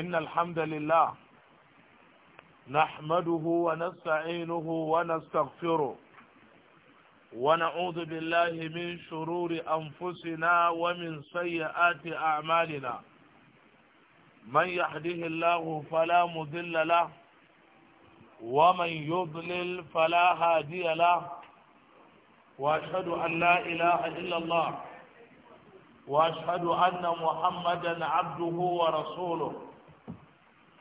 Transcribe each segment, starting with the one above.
إن الحمد لله نحمده ونستعينه ونستغفره ونعوذ بالله من شرور أنفسنا ومن سيئات أعمالنا من يحده الله فلا مذل له ومن يضلل فلا هادي له وأشهد أن لا إله إلا الله وأشهد أن محمدا عبده ورسوله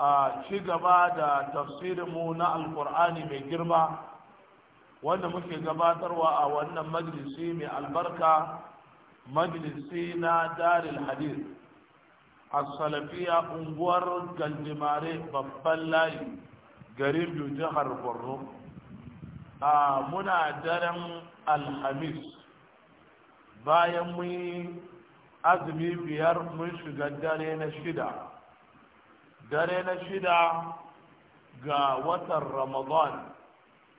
a ci gaba da tafsirinmu na alkur'ani mai girma wanda muke gabatarwa a wannan majalisi mai albarka majalisi na daril hadith a salafiya unguwar galdimare babban layi garin biyu jihar borno a muna daren alhamis bayan mun azumi biyar mun shiga dare na shida dare na shida ga watan ramadan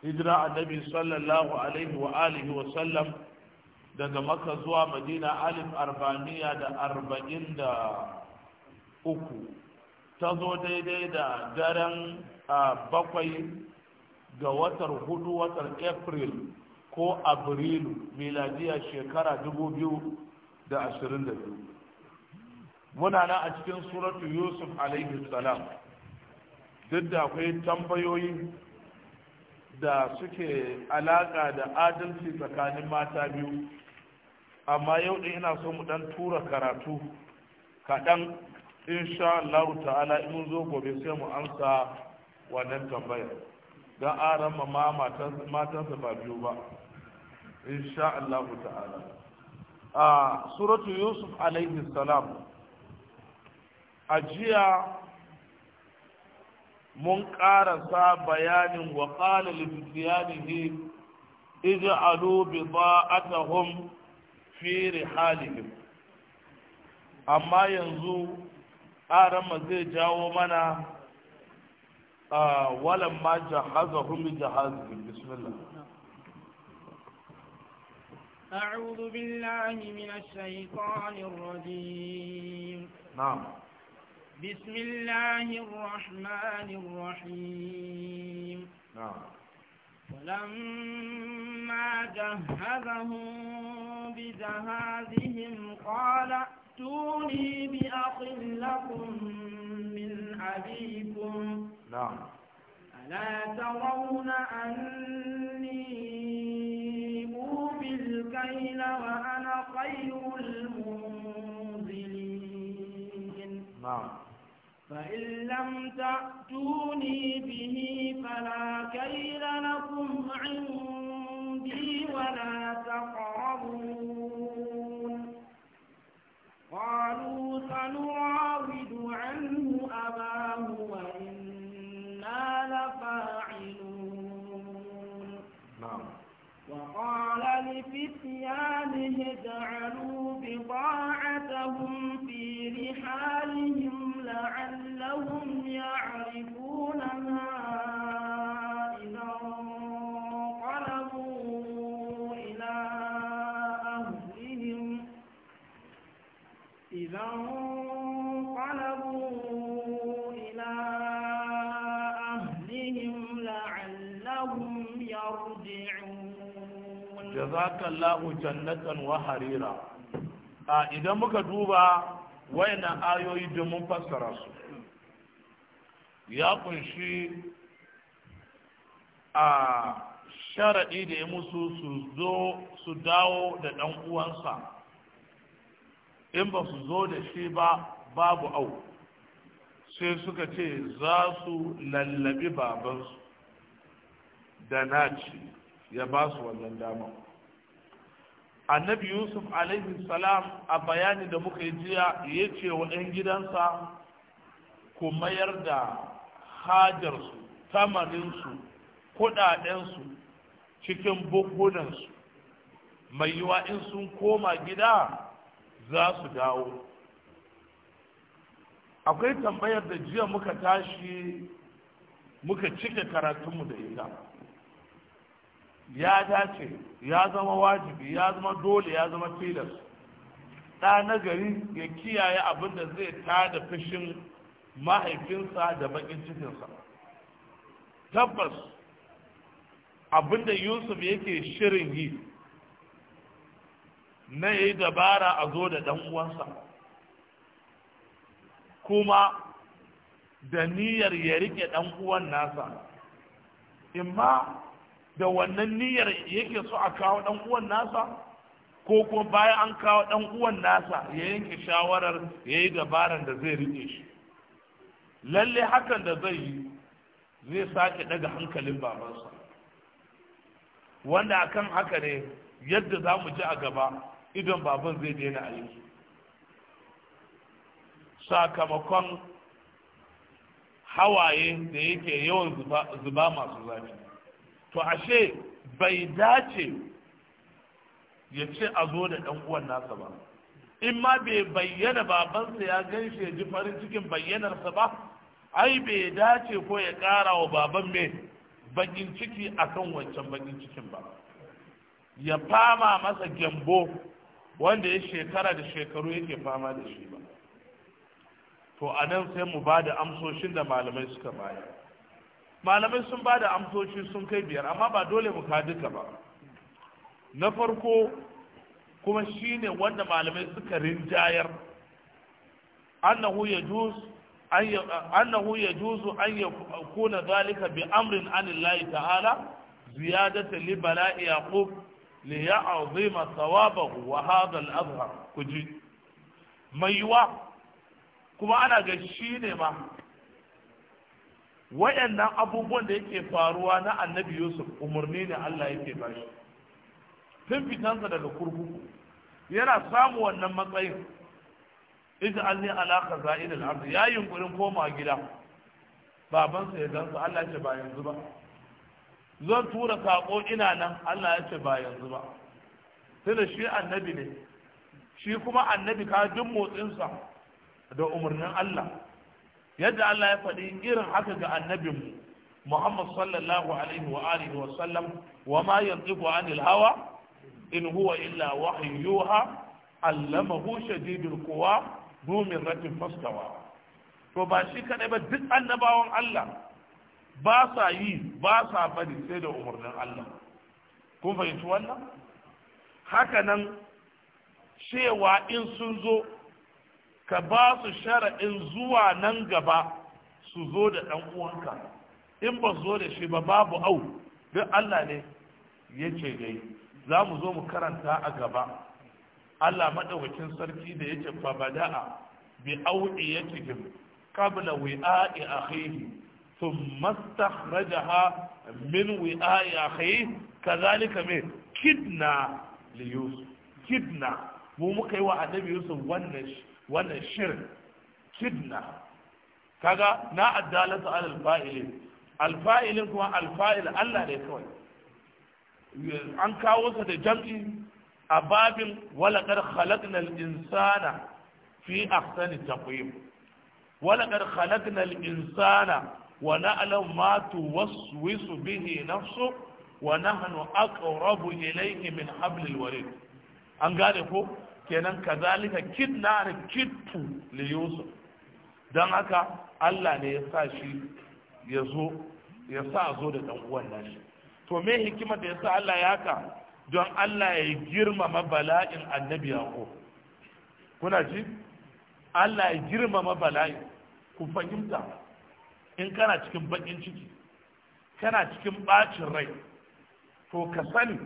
hijira annabi sallallahu alaihi wa alihi wa sallam daga maka zuwa madina alif arba'iniya da arba'in da uku ta zo daidai da daren bakwai ga watar hudu watar april ko abrilu miladiya shekara dubu da ashirin da muna nan a cikin suratu yusuf alaihi salam duk da akwai tambayoyi da suke alaka da adalci tsakanin mata biyu amma yau ɗin ina so mu ɗan tura karatu kaɗan insha Allah ta'ala in mun zo gobe sai mu amsa wannan tambayar don an rama ma matansa ba biyu ba insha Allah ta'ala a suratu yusuf alaihi salam a jiya mun ƙarasa bayanin wa ƙala ba a bida'atahum fi rihalihim amma yanzu ma zai jawo mana walan ma jahazahum bi jahazihim bismillah أعوذ بالله من الشيطان الرجيم نعم بسم الله الرحمن الرحيم نعم فلما جهزهم بجهازهم قال ائتوني بأخ لكم من أبيكم نعم ألا ترون أني أوفي الكيل وأنا خير المنزلين نعم فإن لم تأتوني به فلا كيل لكم عندي ولا تقربون قالوا سنراود عنه أباه وإنا لفاعلون نعم وقال لفتيانه اجعلوا بضاعتهم في رحالهم لعلهم يعرفونها إذا انقلبوا إلى أهلهم إذا انقلبوا إلى أهلهم لعلهم يرجعون جزاك الله جنة وحريرا آه، إذا مكتوبة wayannan ayoyi domin fassara su ya kunshi a sharaɗi da ya musu su zo su dawo da ɗan uwansa in ba su zo da shi ba babu au sai suka ce za su lallabi babansu da naci ya ba su wannan damar annabi yusuf alaihi salam a bayani da muka yi jiya ya ce wa 'yan gidansa ku mayar da hajarsu tamarinsu kuɗaɗensu, cikin buhunansu. mai yiwa in sun koma gida za su dawo akwai tambayar da jiya muka tashi muka cike karatunmu da ita ya dace ya zama wajibi ya zama dole ya zama tilas ɗa nagari ya kiyaye abin da zai tada fushin mahaifinsa da bakin cikinsa tabbas abin da yusuf yake shirin yi na yi dabara a zo da ɗan uwansa kuma da niyyar ya rike ɗan uwan nasa imma da wannan niyyar yake so a kawo dan uwan nasa ko kuma bayan an kawo dan uwan nasa ya yanke shawarar ya yi dabaran da zai rike shi lalle hakan da zai yi zai sake daga hankalin babansa wanda akan haka ne yadda za mu ji a gaba idan baban zai daina aiki sakamakon hawaye da yake yawan zuba masu zafi to ashe bai dace ya ce a zo da ɗan uwan nasa ba in ma bai bayyana babansa ya gan shi ya ji farin cikin bayyanarsa ba ai bai dace ko ya ƙara wa baban mai bakin ciki akan wancan bakin cikin ba ya fama masa gyambo wanda ya shekara da shekaru yake fama da shi ba to a nan sai mu ba da amsoshin da malamai suka bayar malamai sun ba da amsoshi sun kai biyar amma ba dole mu ka duka ba na farko kuma shine wanda malamai suka rinjayar annahu yajuz annahu an an kuna zalika bi amrin anillahi ta'ala ziyadatan li bala'i yaqub li ya'zima thawabahu wa hadha al-azhar kuji mai yiwa kuma ana ga shine ma wayannan abubuwan da yake faruwa na annabi yusuf umarni ne allah yake ba shi tun fitansa daga kurkuku yana samu wannan matsayin idan an ne alaka za'in al'arzu ya yi yunkurin koma gida babansa ya gansa allah ce ba yanzu ba zan tura saƙo ina nan allah ya ce ba yanzu ba tunda shi annabi ne shi kuma annabi ka jin motsinsa da umarnin allah yadda Allah ya faɗi irin haka ga annabinmu Muhammad sallallahu alaihi wa alihi wa sallam wa ma yantiqu anil hawa in huwa illa wahyu yuha allamahu shadidul quwa dhu mirratin fastawa to ba shi kadai ba duk annabawan Allah ba sa yi ba sa bari sai da umarnin Allah kun fahimci wannan haka nan cewa in sun zo ka ba su shara'in zuwa nan gaba su zo da ɗan uwanka in ba zo da shi ba babu au duk Allah ne ya ce dai za mu zo mu karanta a gaba Allah maɗaukacin sarki da ya ce fa bada'a bi auɗi ya cikin kabla wi'a'i akhihi ثم استخرجها من وعاء Kidna كذلك Kidna. mu muka yi wa annabi yusuf wannan shi. wannan shirin kidna kaga na addalatu alal fa'ilin alfa'ilin kuma alfa'il Allah ne kawai an kawo sa da jam'i a babin walaqad khalaqnal insana fi ahsani taqwim walaqad khalaqnal insana wa na'lamu ma tuwaswisu bihi nafsu wa nahnu aqrabu ilayhi min hablil warid an gane ko kenan kazalika kidna kittu li yusuf dan haka Allah ne ya sa shi ya zo ya sa zo da dan uwan nashi to me hikima da ya sa Allah ya haka don Allah ya girmama bala'in annabi yaqo kuna ji Allah ya girmama bala'in ku fahimta in kana cikin bakin ciki kana cikin ɓacin rai to ka sani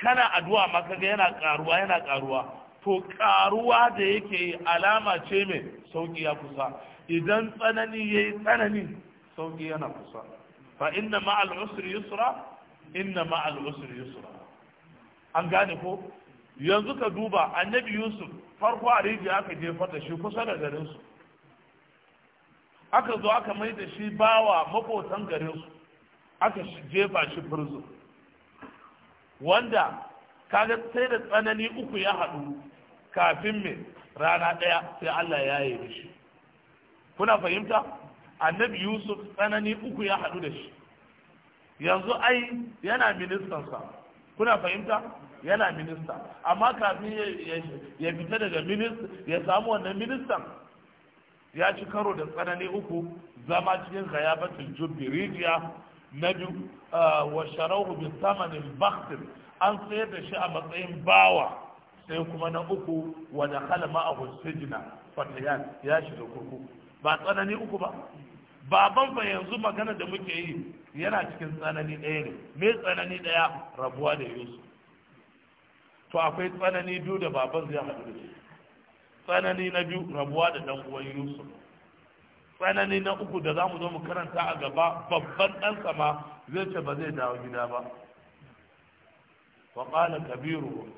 kana addu'a ma kaga yana karuwa yana karuwa to karuwa da yake alama ce mai sauki ya kusa idan tsanani yayi tsanani sauki yana kusa fa inna ma'al al-usri yusra inna ma'al al-usri yusra an gane ko yanzu ka duba annabi yusuf farko a rijiya aka jefar da shi kusa da garinsu aka zo aka mai da shi bawa makotan su, aka jefa shi furzu wanda kaga sai da tsanani uku ya haɗu kafin me rana ɗaya sai Allah ya yi shi kuna fahimta annabi yusuf tsanani uku ya haɗu da shi yanzu ai yana ministansa kuna fahimta yana minista amma kafin ya fita daga minista ya samu wannan ministan ya ci karo da tsanani uku zama cikin ghayabatul jubbi rijiya na biyu wa sharahu bi samanin baktir an sayar da shi a matsayin bawa sai kuma na uku wa da kalma a hussejina fatayan ya shiga kurku ba tsanani uku ba baban fa yanzu magana da muke yi yana cikin tsanani ɗaya ne me tsanani ɗaya rabuwa da yusuf to akwai tsanani biyu da baban zai haɗu da shi tsanani na biyu rabuwa da ɗan uwan yusuf tsanani na uku da za mu zo mu karanta a gaba babban ɗansa sama zai ce ba zai dawo gida ba wa kabiru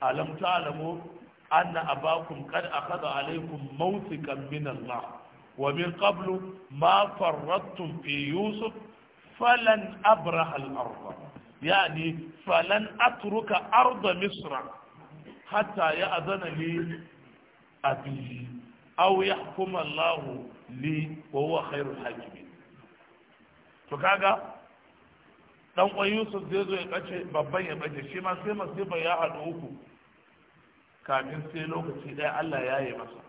alam ta'lamu anna abakum qad a kaza mawthiqan min Allah wa min qablu ma farrattum fi yusuf falan abraha al-ardh yani falan atruka ardh misra hatta ya'dhana li abi aw yahkum Allah li wa huwa khairul hakimin to kaga dan kwa Yusuf zai zo ya kace babban ya bace shi ma sai masifa ya hadu uku kafin sai lokaci ɗaya Allah ya yi masa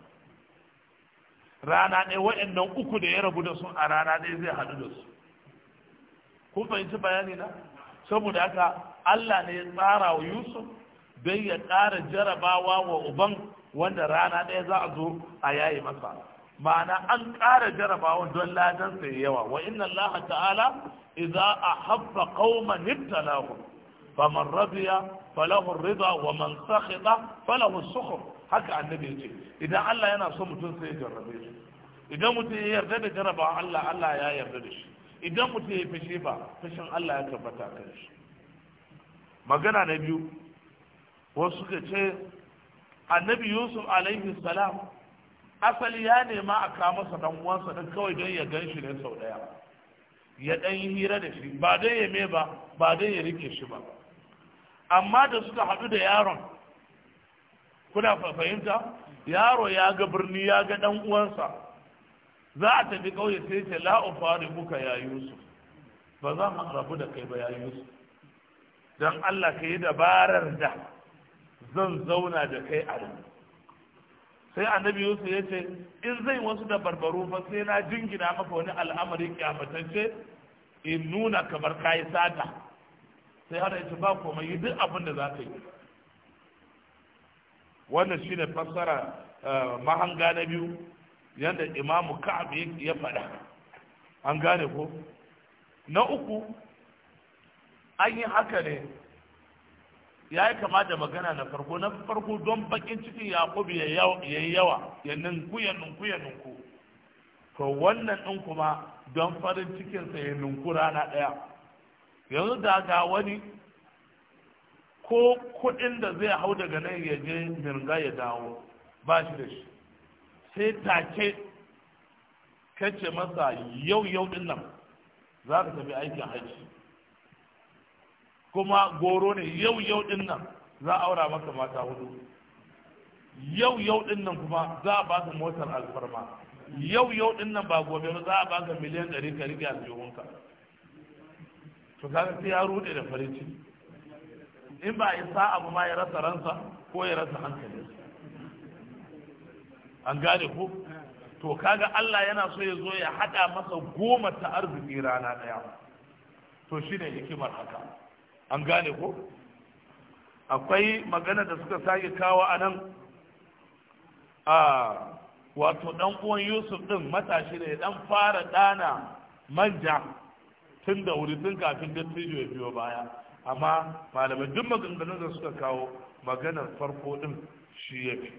rana ɗaya waɗannan uku da ya rabu da su a rana ɗaya zai hadu da su kun fahimci bayani na saboda haka Allah ne ya tsara wa Yusuf dai ya ƙara jarabawa wa uban wanda rana ɗaya za a zo a yayi masa ma'ana an ƙara jarabawan don ladan sai yawa wa inna Allah ta'ala idza ahabba qauman ibtalahum faman radiya falahu ar-ridha wa man sakhita falahu as haka annabi yace idan Allah yana so mutum sai ya jarrabe shi idan mutum ya yarda da jarabawa Allah Allah ya yarda da shi idan mutum ya fishi ba fashin Allah ya tabbata kan shi magana na biyu wasu suka ce annabi yusuf alaihi salam asali ya nema a kawo masa dan uwansa dan kawai don ya gan shi ne sau daya ya dan yi hira da shi ba dai ya me ba ba dai ya rike shi ba amma da suka haɗu da yaron kuna fahimta yaro ya ga birni ya ga dan uwansa za a tafi kauye sai ce la ufari buka ya yusuf ba za mu rabu da kai ba ya yusuf dan Allah ka yi dabarar da zan zauna da kai a nan sai annabi yusuf ya ce in zai wasu da barbaru fa sai na jingina maka wani al'amari kyamatacce in nuna kamar kayi sata sai har yace ba komai yi duk abin da za ka yi wannan shine fassara eh, mahanga na biyu yadda imamu ka'ab ya faɗa an gane ko na uku an yi haka ne ya yi kama da magana na farko na farko don bakin cikin yaƙub ya yi yawa ya ninku ya ninku ya ninku to wannan ɗin kuma don farin cikinsa ya ninku rana ɗaya yanzu da ga wani ko kuɗin da zai hau daga nan ya je mirga ya dawo ba shi da shi sai take kace masa yau yau ɗin nan za ka tafi aikin hajji kuma goro ne yau yau din nan za a aura maka mata hudu yau yau din nan kuma za a baka motar alfarma yau yau din nan ba gobe za a baka miliyan ɗari ka rike aljihunka to kaga sai ya rude da farin ciki in ba isa abu ma ya rasa ransa ko ya rasa hankali an gane ko to kaga Allah yana so ya zo ya hada masa goma ta arziki rana daya to shine hikimar haka an gane ko akwai magana da suka sake kawo a nan a wato dan uwan yusuf din matashi ne dan fara dana manja tun da wuri tun kafin dattijo ya biyo baya amma malamai duk maganganun da suka kawo maganar farko din shi ya fi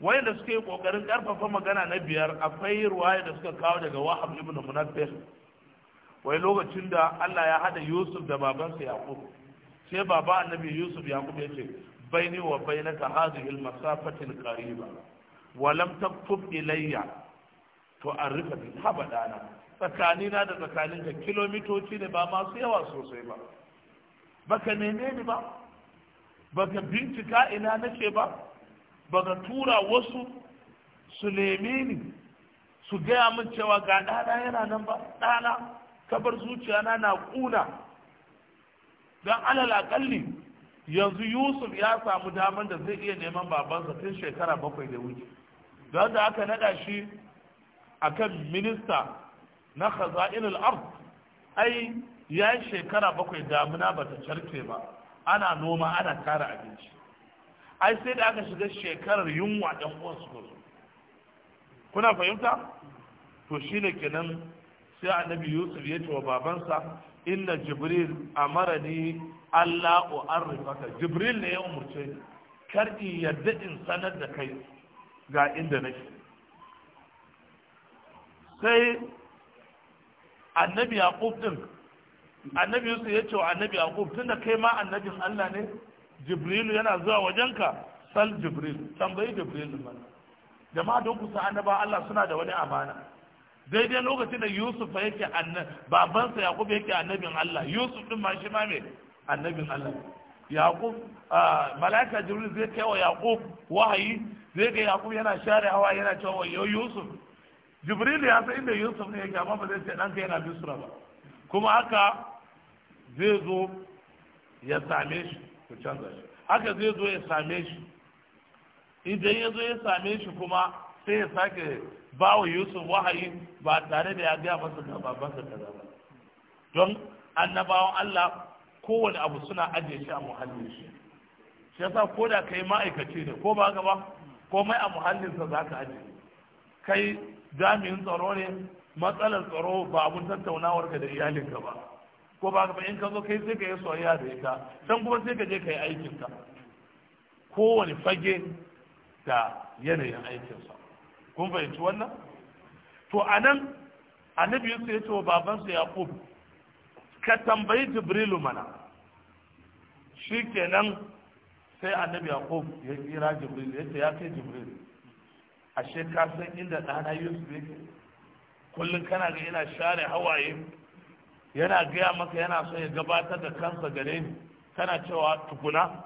wayanda suka yi kokarin karfafa magana na biyar akwai ruwaya da suka kawo daga wahab ibn munabbi wai lokacin da Allah ya hada Yusuf da babansa Yaqub sai baba annabi Yusuf Yaqub ya ce baini wa bainaka hadhihi al-masafati al-qariba wa lam taqtub ilayya to arifa bi habadana na da tsakaninka kilomitoci ne ba masu yawa sosai ba baka neme ni ba baka bincika ina nake ba baka tura wasu su neme su gaya min cewa ga ɗana yana nan ba ɗana kabar zuciya na na kuna don alal akalli yanzu yusuf ya samu damar da zai iya neman babansa tun shekara bakwai da wuce don da aka naɗa shi akan minista na khaza'inul ard ai ya yi shekara bakwai damuna ba ta carke ba ana noma ana kara abinci ai sai da aka shiga shekarar yunwa ɗan uwansu kuna fahimta to shine kenan sai annabi yusuf ya ce wa babansa inna jibril ni allah arrifaka jibril ne ya umurce ni kar in yadda in sanar da kai ga inda nake sai annabi yaqub din annabi yusuf ya ce wa annabi yaqub tunda kai ma annabin allah ne Jibril yana zuwa wajenka sal jibril tambayi jibril mana jama'a don kusa annaba allah suna da wani amana daidai lokacin da yusuf yake babansa yaqub yake annabin allah yusuf din ma shi ma me annabin allah yakub malaka jibril zai kai wa yakub wahayi zai ga yakub yana share hawa yana cewa wayo yusuf jibril ya san inda yusuf ne yake amma ba zai ce ɗanka yana bisra ba kuma haka zai zo ya same shi ku canza shi haka zai zo ya same shi idan ya zo ya same shi kuma sai ya sake ba wa yusuf wahayi ba tare da ya gaya masa da masa kaza ba don annabawan allah kowane abu suna ajiye shi a muhallin shi shi yasa ko da kai ma'aikaci ne ko ba gaba mai a muhallin za ka ajiye kai jami'in tsaro ne matsalar tsaro ba abun tattaunawar ka da iyalinka ba ko ba ka in ka zo kai sai ka yi soyayya da ita can kuma sai ka je ka yi aikinka kowane fage da yanayin aikinsa kun fahimci wannan to anan annabi yusuf ya ce wa babansa yaqub ka tambayi jibrilu mana shi kenan sai annabi yaqub ya kira Jibrilu ya ce ya kai Jibrilu. ashe ka san inda ɗana yusuf yake kullum kana ga yana share hawaye yana gaya maka yana so ya gabatar da kansa gare ni kana cewa tukuna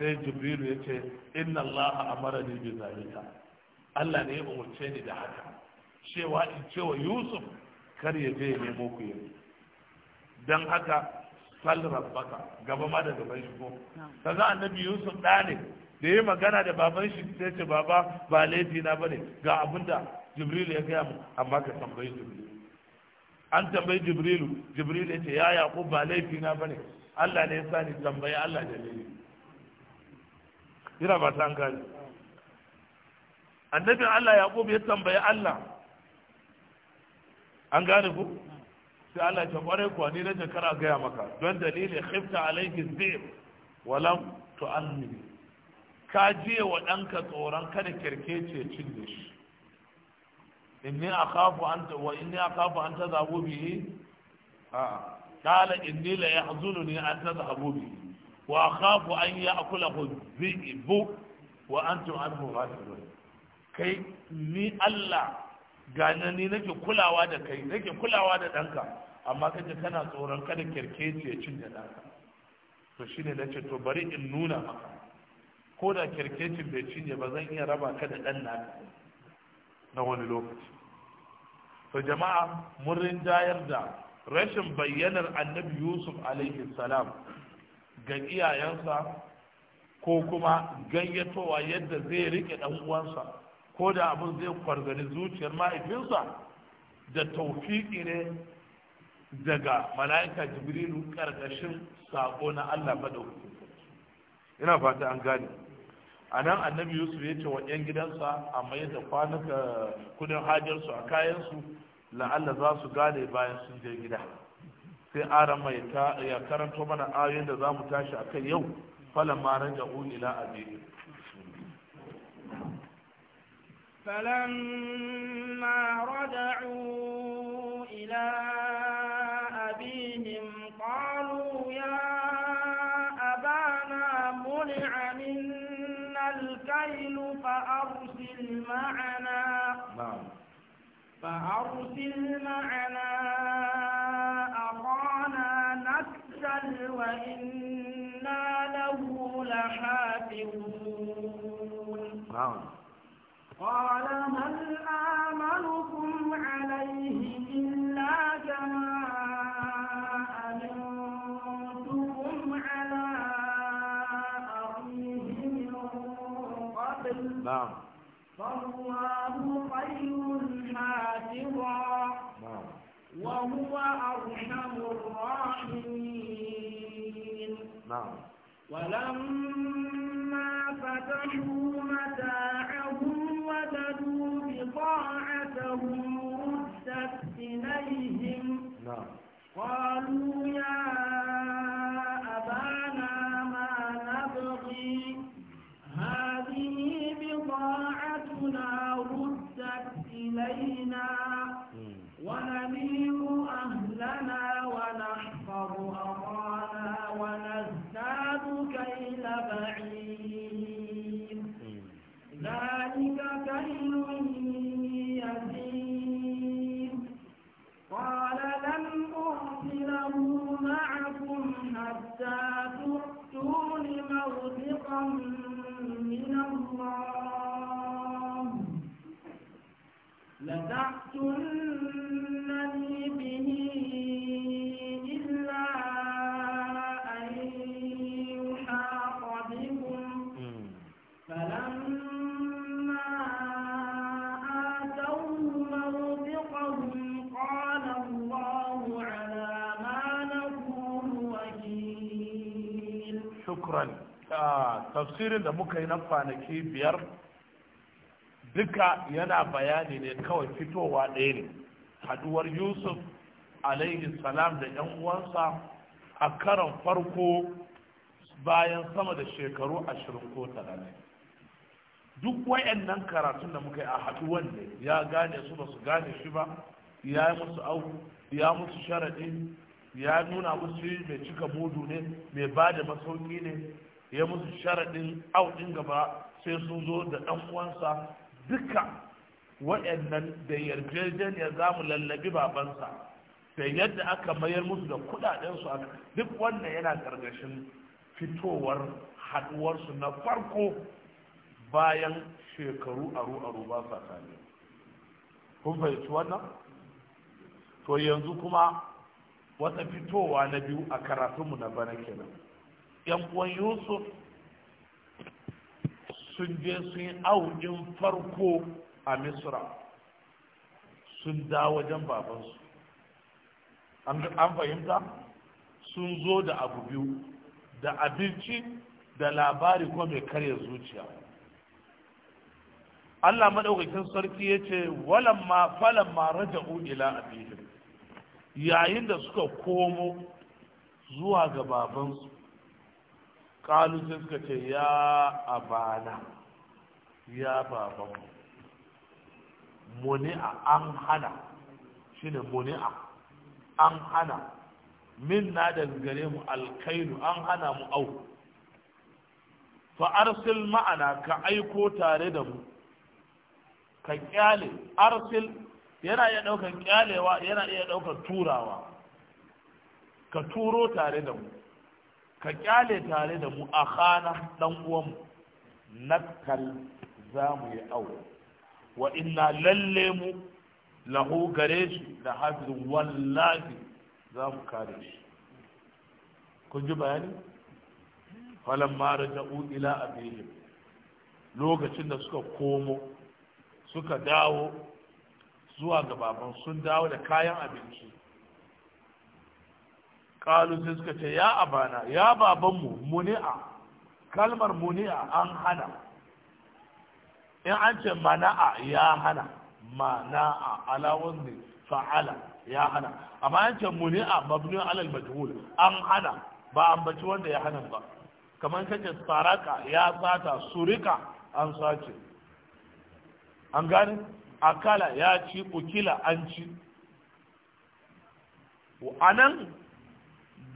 sai jibrilu ya ce inna allaha amara ni bi zalika Allah ne ya umarce ni da haka cewa in cewa Yusuf kar ya je ya nemo ku yanzu dan haka sal rabbaka gaba ma da gaban shi ko kaza annabi Yusuf da ne da ya magana da baban shi sai ce baba ba laifi na bane ga abinda Jibril ya gaya mu amma ka tambayi Jibril an tambayi Jibril, Jibril ya ce ya Yaqub ba laifi na bane Allah ne ya sani tambayi Allah da laifi ina ba ta an annabin Allah yaqub ya tambayi Allah an gane ku sai Allah ya kware ku ni rajin kana gaya maka don dalilin khifta alayki zib walam tu'almi ka je wa ɗanka tsoron kada kirkece da shi inni akhafu an ta, wa inni akhafu an tazabu bihi a kala inni la yahzununi an tadhhabu bihi wa akhafu an ya'kulahu dhi'bu wa antum anhu ghafilun kai ni Allah gane ni nake kulawa da kai nake kulawa da ɗanka amma kaje kana tsoron kada kirkeci ya cin da ɗanka to shi na ce to bari in nuna maka ko da kirkecin bai cinye ba zan iya raba ka da ɗan naka na wani lokaci to jama'a mun rinjayar da rashin bayyanar annabi yusuf alaihi salam ga iyayensa ko kuma ganyatowa yadda zai riƙe ɗan uwansa ko da abin zai kwargari zuciyar mahaifinsa da taufiƙi ne daga mala'ika jibrilu ƙarƙashin sako na Allah madaukakin ina fata an gane a nan annabi yusuf ya ce wa 'yan gidansa a mai da kwanuka kudin hajjarsu a kayansu la'alla za su gane bayan sun je gida sai aran mai ya karanto mana ayoyin da za mu tashi a kai yau falon ma raja'u ila abin فلما رجعوا إلى أبيهم قالوا يا أبانا منع منا الكيل فأرسل معنا نعم. فأرسل معنا أخانا نكسل وإنا له لحافظون نعم. قال هل آمنكم عليه إلا كما أمنتكم على أخيه من قبل نعم فالله خير حافظا نعم. وهو أرحم الراحمين نعم ولما فتحوا متاعهم أنه ردت إليهم قالوا يا نصرا من الله لتأتن tafsirin da muka yi na kwanaki biyar duka yana bayani ne kawai fitowa ɗaya ne haduwar yusuf alaihi salam da yan uwansa a karan farko bayan sama da shekaru ashirin ko talatin duk wayannan karatun da muka yi a haduwan ne ya gane su ba su gane shi ba ya yi musu au ya musu sharaɗi ya nuna musu mai cika mudu ne mai ba da masauki ne ya musu sharaɗin auɗin gaba sai sun zo da ɗan uwansa duka waɗannan da ya za mu lallabi babansa da yadda aka mayar musu da kuɗaɗensu a duk wannan yana ƙarƙashin fitowar haɗuwarsu na farko bayan shekaru aru-aru ba sa kun fahimci wannan to yanzu kuma wata fitowa na biyu a karatunmu na bana kenan yan uwan yusuf sun je sun yi aujin farko a misra sun da wajen babansu an fahimta sun zo da abu biyu da abinci da labari ko mai karya zuciya Allah maɗaukakin sarki ya ce walamma falamma raja'u ila abihim yayin da suka komo zuwa ga babansu kalu sai suka ce ya abana ya baban. muni'a an hana shi ne muni'a an hana min na da gare mu alkainu an hana mu au fa arsil ma'ana ka aiko tare da mu ka kyale arsil yana iya ɗaukar kyalewa yana iya ɗaukar turawa ka turo tare da mu ka kyale tare da mu a khana dan uwanmu nakal za mu yi aure wa inna lalle mu lahu gare shi da hafizin wallahi za mu kare shi kun ji bayani mara raja'u ila abihim lokacin da suka komo suka dawo zuwa ga baban sun dawo da kayan abinci kalu sai suka ce ya abana ya babanmu muni'a kalmar muni'a an hana in an ce mana'a ya hana mana'a ala fa'ala ya hana amma an ce muni'a mabni alal majhul an hana ba an baci wanda ya hana ba kamar kace saraka ya sata surika an sace an gane akala ya ci ukila an ci a nan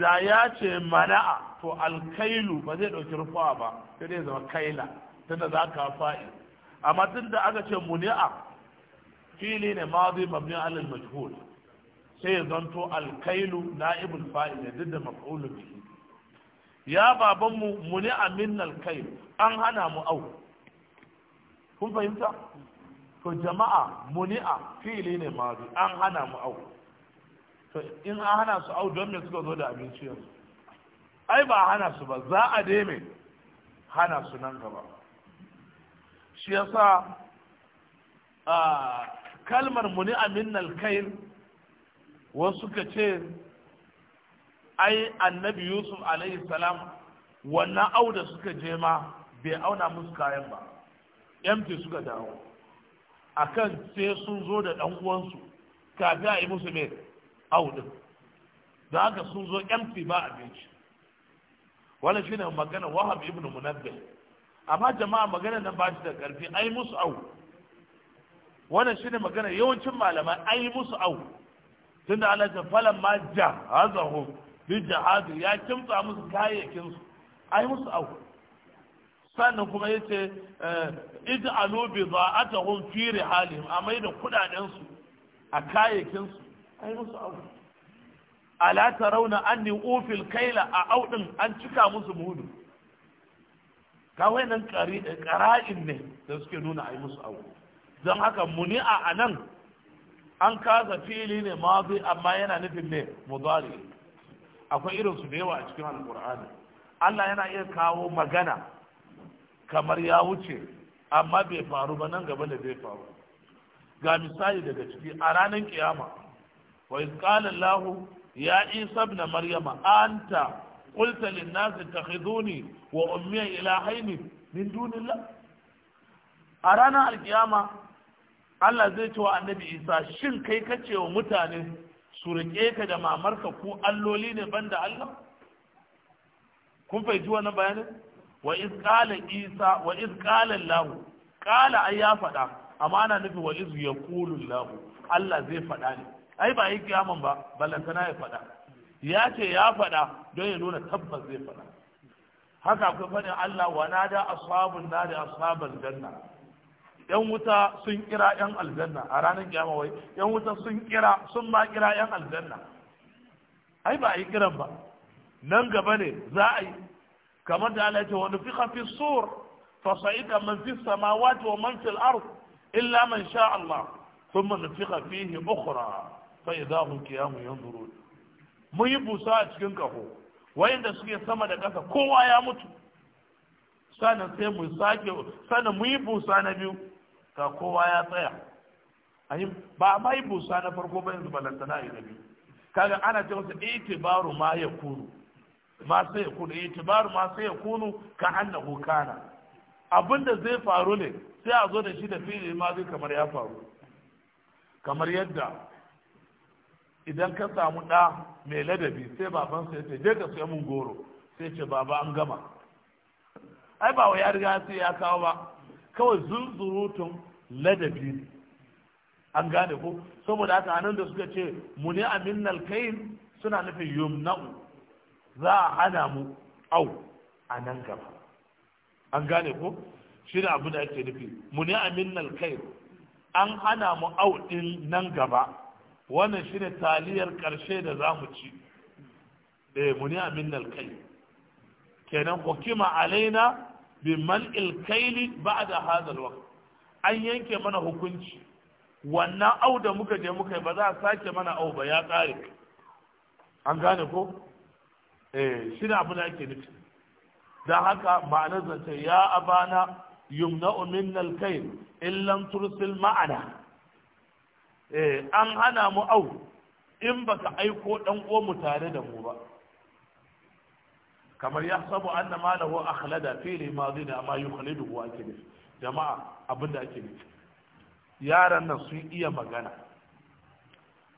da ya ce mana'a to alkailu ba zai ɗauki rufawa ba sai dai zama kaila tunda za ka fa'i amma tun da aka ce muni'a fili ne ma zai mabni alal majhul sai ya zanto alkailu na'ibul fa'i ne duk da maf'ul bihi ya baban mu muni'a min alkail an hana mu au kun fahimta to jama'a muni'a fili ne ma an hana mu au to in an hana su au don me suka zo da abinci yanzu ai ba hana su ba za a daime hana su nan gaba shi yasa kalmar muni aminnal kair wasu ka ce ai annabi yusuf alaihi salam wannan au da suka je ma bai auna musu kayan ba yamti suka dawo akan sai sun zo da ɗan uwansu kafin a yi musu mai Auɗin da haka sun zo empty ba abinci shi shine magana wahab ibn munabbih amma jama'a magana nan ba shi da karfi ai musu au shi shine magana yawancin malamai ai musu au tunda Allah ce falan ma ja jahazahum bi jahadi ya kimtsa musu kayayyakin su ai musu au sannan kuma ya ce eh, ij'alu bi za'atahum fi rihalihim amai da kudaden su a kayayyakin su ai musu abu ala tarawna anni ufil kaila a audin an cika musu mudu ka wayannan qara'in ne da suke nuna ai musu abu dan haka muni'a anan an kaza fili ne mazi amma yana nufin ne mudari akwai irin su da yawa a cikin alqur'ani Allah yana iya kawo magana kamar ya wuce amma bai faru ba nan gaba da bai faru ga misali daga ciki a ranar kiyama wa qala Allah ya Isa ibn Maryama anta qulta lin nas ittakhiduni wa ummi ilahaini min dunillah a ranar alkiyama Allah zai ce wa annabi Isa shin kai kace wa mutane su rike ka da mamarka ko alloli ne banda Allah kun fahimci wannan bayanin wa iz qala Isa wa iz qala Allah qala ay ya faɗa amma ana nufin wa iz yaqulu Allah Allah zai faɗa ne ai ba yi kiyaman ba ballantana ya faɗa ya ce ya faɗa don ya nuna tabbas zai faɗa haka kuma faɗin Allah wa nada ashabun da ashabal janna yan wuta sun kira yan aljanna a ranar kiyama wai yan wuta sun kira sun ma kira yan aljanna ai ba yi kiran ba nan gaba ne za a yi kamar da Allah ya ce wa nufiqa fi sur fa sa'ida man fi samawati wa man fil ard illa man sha Allah thumma nufiqa fihi ukhra sai za mu kiyamu yanzuru mun yi busa a cikin kafo wayanda suke sama da ƙasa kowa ya mutu sannan sai mu sake sannan mun yi busa na biyu ka kowa ya tsaya ba ma yi busa na farko ba yanzu balantana a na biyu kaga ana ce masa itibaru ma ya kunu ma sai ya kunu itibaru ma sai ya kunu ka annahu kana abinda zai faru ne sai a zo da shi da fili ma zai kamar ya faru kamar yadda idan ka samu ɗa mai ladabi sai baban sai ce je ka sai mun goro sai ce baba an gama ai ba wa ya riga sai ya kawo ba kawai zunzurutun ladabi ne an gane ko saboda haka anan da suka ce mu ne aminnal kain suna nufin yumna'u za a hana mu au a nan gaba an gane ko shi ne abu da ake nufi mu ne aminnal kain an hana mu au ɗin nan gaba wannan shine taliyar karshe da zamu ci da eh, muni amin kai kenan hukima alaina bi mal'il kaili ba'da hadha alwaqt an yanke mana hukunci wannan au da muka je muka ba za a sake mana au ba ya kare an gane ko eh shine abu da ake nufi Da haka ma'anar zance ya abana yumna'u minnal kayl illan tursil ma'ana Eh, an hana mu au in ba ka aiko dan mu tare da mu ba kamar ya sabu anna malahu akhlada fili madi da ma yukhlidu ake nufi jama'a abinda ake nufi yaran nan sun iya magana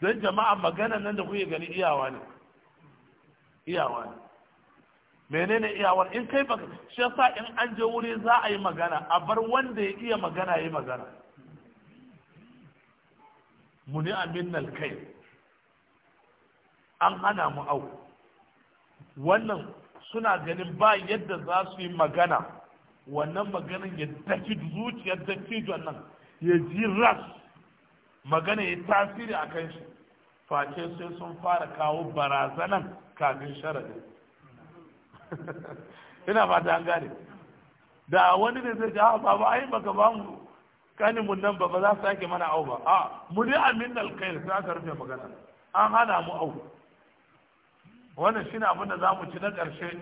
don jama'a magana nan da kuke gani iyawa ne iyawa ne menene iyawar in kai ba shi yasa in an je wuri za a yi magana a bar wanda ya iya magana ya yi magana muni aminnal kai an hana mu au wannan suna ganin ba yadda za su yi magana wannan maganin ya tafi zuciyar dattijon nan ya ji ras magana ya tasiri a kan shi face sai sun fara kawo barazanan kafin sharadin ina fata an gane da wani ne zai ji ba ba ayi baka ba mu kanin mun nan ba ba za su sake mana au ba a mu dai amin alkhair sai aka rufe magana an hana mu au wannan shine abin da zamu ci na karshe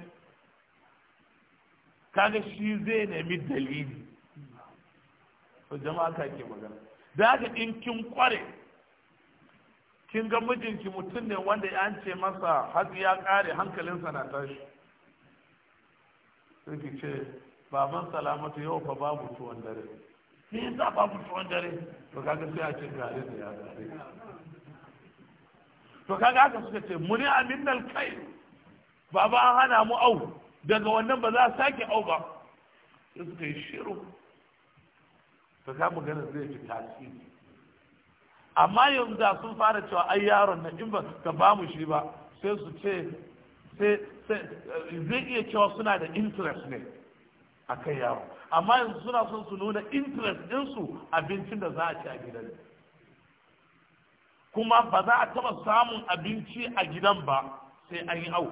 kaga shi zai nemi dalili to jama'a ka ke magana da haka in kin kware kin ga mijinki mutum ne wanda an ce masa hatsi ya kare hankalinsa na tashi sai ki ce baban salamatu yau fa babu tuwon dare sai za ba ku tuwon dare to kaga sai a ce gare da ya gare to kaga haka suka ce muni amin dal kai baba an hana mu au daga wannan ba za a sake au ba sai suka yi shiru to ka magana zai fi tasiri amma yanzu da sun fara cewa ai yaron na, in ba ka ba mu shi ba sai su ce sai zai iya cewa suna da interest ne a kai yaro amma yanzu suna son su nuna interest ɗinsu abincin da za a ci a gidan kuma ba za a taɓa samun abinci a gidan ba sai an yi au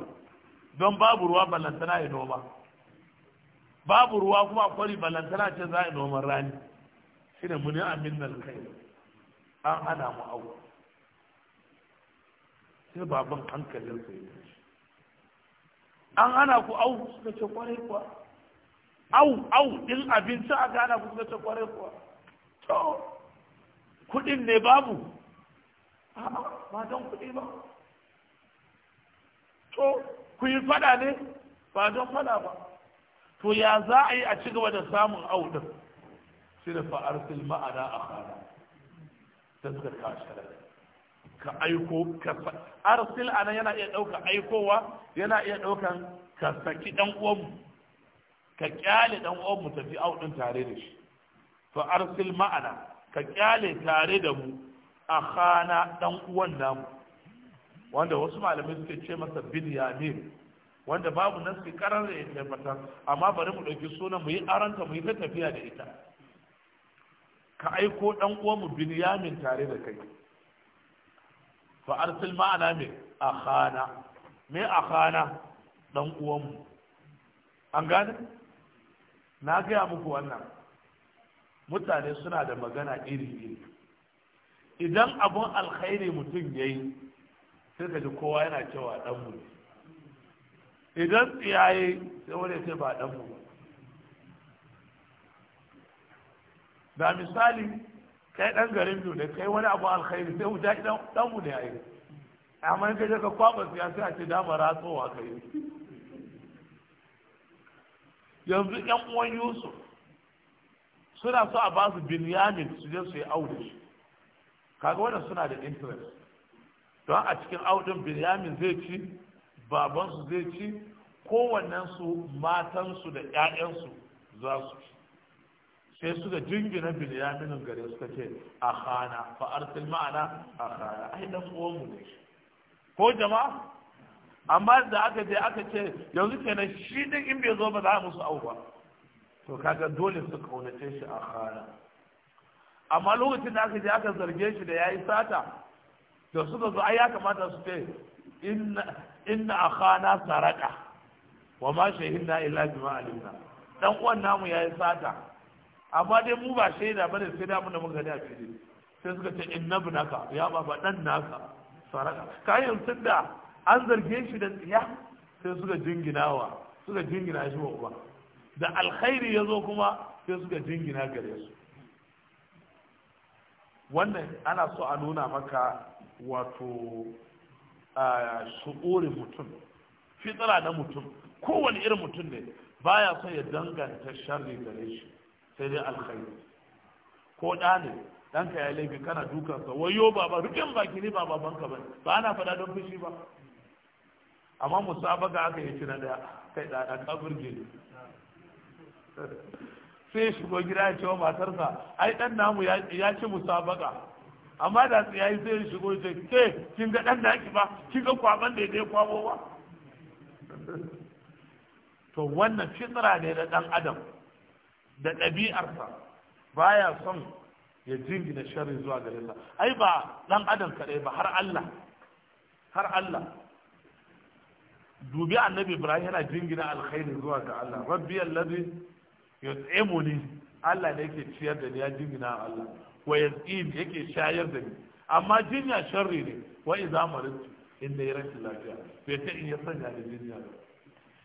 don babu ruwa ballantana ya noma babu ruwa kuma akwai ballantana ce za a noman rani shi ne muni amin nan kai an hana mu au sai baban hankalin sai an hana ku au suka ce kwarai kuwa au au din abinci a gana kun ta kwarai kuwa to kudin ne babu a'a ba don kudi ba to ku yi fada ne ba don fada ba to ya za a yi a ci gaba da samun au din sai da fa'arsil ma'ana a hana ta suka ka aiko ka arsil ana yana iya ɗauka aikowa yana iya ɗaukan ka saki ɗan uwanmu ka kyale dan uwan mu tafi au din tare da shi fa arsil ma'ana ka kyale tare da mu akhana dan uwan namu wanda wasu malamai suke ce masa yamin wanda babu nasi karar da ya mata amma bari mu ɗauki sunan mu yi aranta mu yi ta tafiya da ita ka aiko dan uwanmu yamin tare da kai fa arsil ma'ana me akhana me akhana dan mu an gane na gaya muku wannan mutane suna da magana iri-iri idan abun alkhairi mutum ya yi sai ka ji kowa yana cewa ɗanmu ne idan tsiyaye sai wani sai ba ɗanmu ba da misali kai ɗan garin biyu ne kai wani abin alkhairi sai wuta ɗanmu ne a yi amma in ka je ka kwaba siyasa a ce dama ratsowa ka yi yanzu yan uwan yusuf suna so a ba binyamin su je su yi aure kaga wannan suna da interest don a cikin audin binyamin zai ci babansu zai ci kowannensu matansu da 'ya'yansu za su ci sai su suka jingina binyamin gare suka ce a hana fa'artil ma'ana a hana ai dan uwanmu ne ko jama'a amma da aka je aka ce yanzu kenan shi din in bai zo ba za a musu au ba to kaga dole su kaunace shi a khana amma lokacin da aka je aka zarge shi da yayi sata da suka zo ai ya kamata su ce inna inna akhana saraka wa ma shahidna illa bima alimna dan uwan namu yayi sata amma dai mu ba shaida bane sai da mun da gani da fili sai suka ce innabnaka ya baba dan naka saraka kayan sun da an zarge shi da tsiya sai suka wa suka jingina shi wa uba da alkhairi ya zo kuma sai suka jingina gare su wannan ana so a nuna maka wato shu'urin mutum fitsara na mutum kowane irin mutum ne baya so ya danganta sharri gare shi sai dai alkhairi ko ɗa ne ɗanka ya laifi kana dukansa wayo baba rikin baki ne ba babanka ba ba ana faɗa don fushi ba amma musabaka aka yi na daya kai da da kabir gini sai ya shigo gida ya ce wa matarsa ai dan namu ya ci musabaka amma da ya yi sai ya shigo ya ce ke kin ga dan naki ba kin ga kwaban da ya kwabo ba to wannan fitra ne da dan adam da ɗabi'arsa baya son ya jingina sharri zuwa gare sa ai ba dan adam kadai ba har Allah har Allah dubi annabi ibrahim yana jingina alkhairi zuwa ga Allah rabbi allazi yut'imuni Allah ne yake ciyar da ni ya jingina Allah wa yazqini yake shayar da ni amma jinya sharri ne wa idza maritu inda ya rashin lafiya bai ta in ya sanya da jinya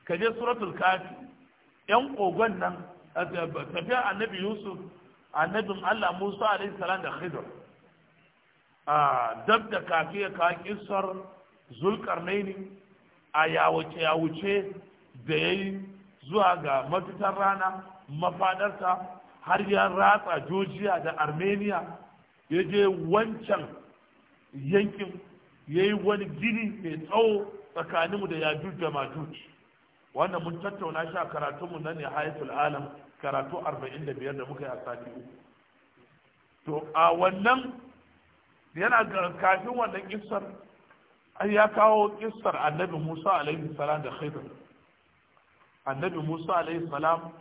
ka je suratul kaf yan kogon nan tafiya annabi yusuf annabin Allah Musa alayhi salam da Khidr a dab da kafi ya kawo zulkarnaini a yawuce-yawuce da ya yi zuwa ga matutar rana mafadarsa har ya ratsa georgia da armenia ya je wancan yankin ya yi wani gini mai tsawo tsakaninmu da yajuj da majuj wanda mun tattauna shi a karatunmu na ne hayatul alam karatu 45 da muka yi a sati uku to a wannan yana kafin wannan isar. ai ya kawo kissar annabi Musa alaihi salam da Khidr annabi Musa alaihi salam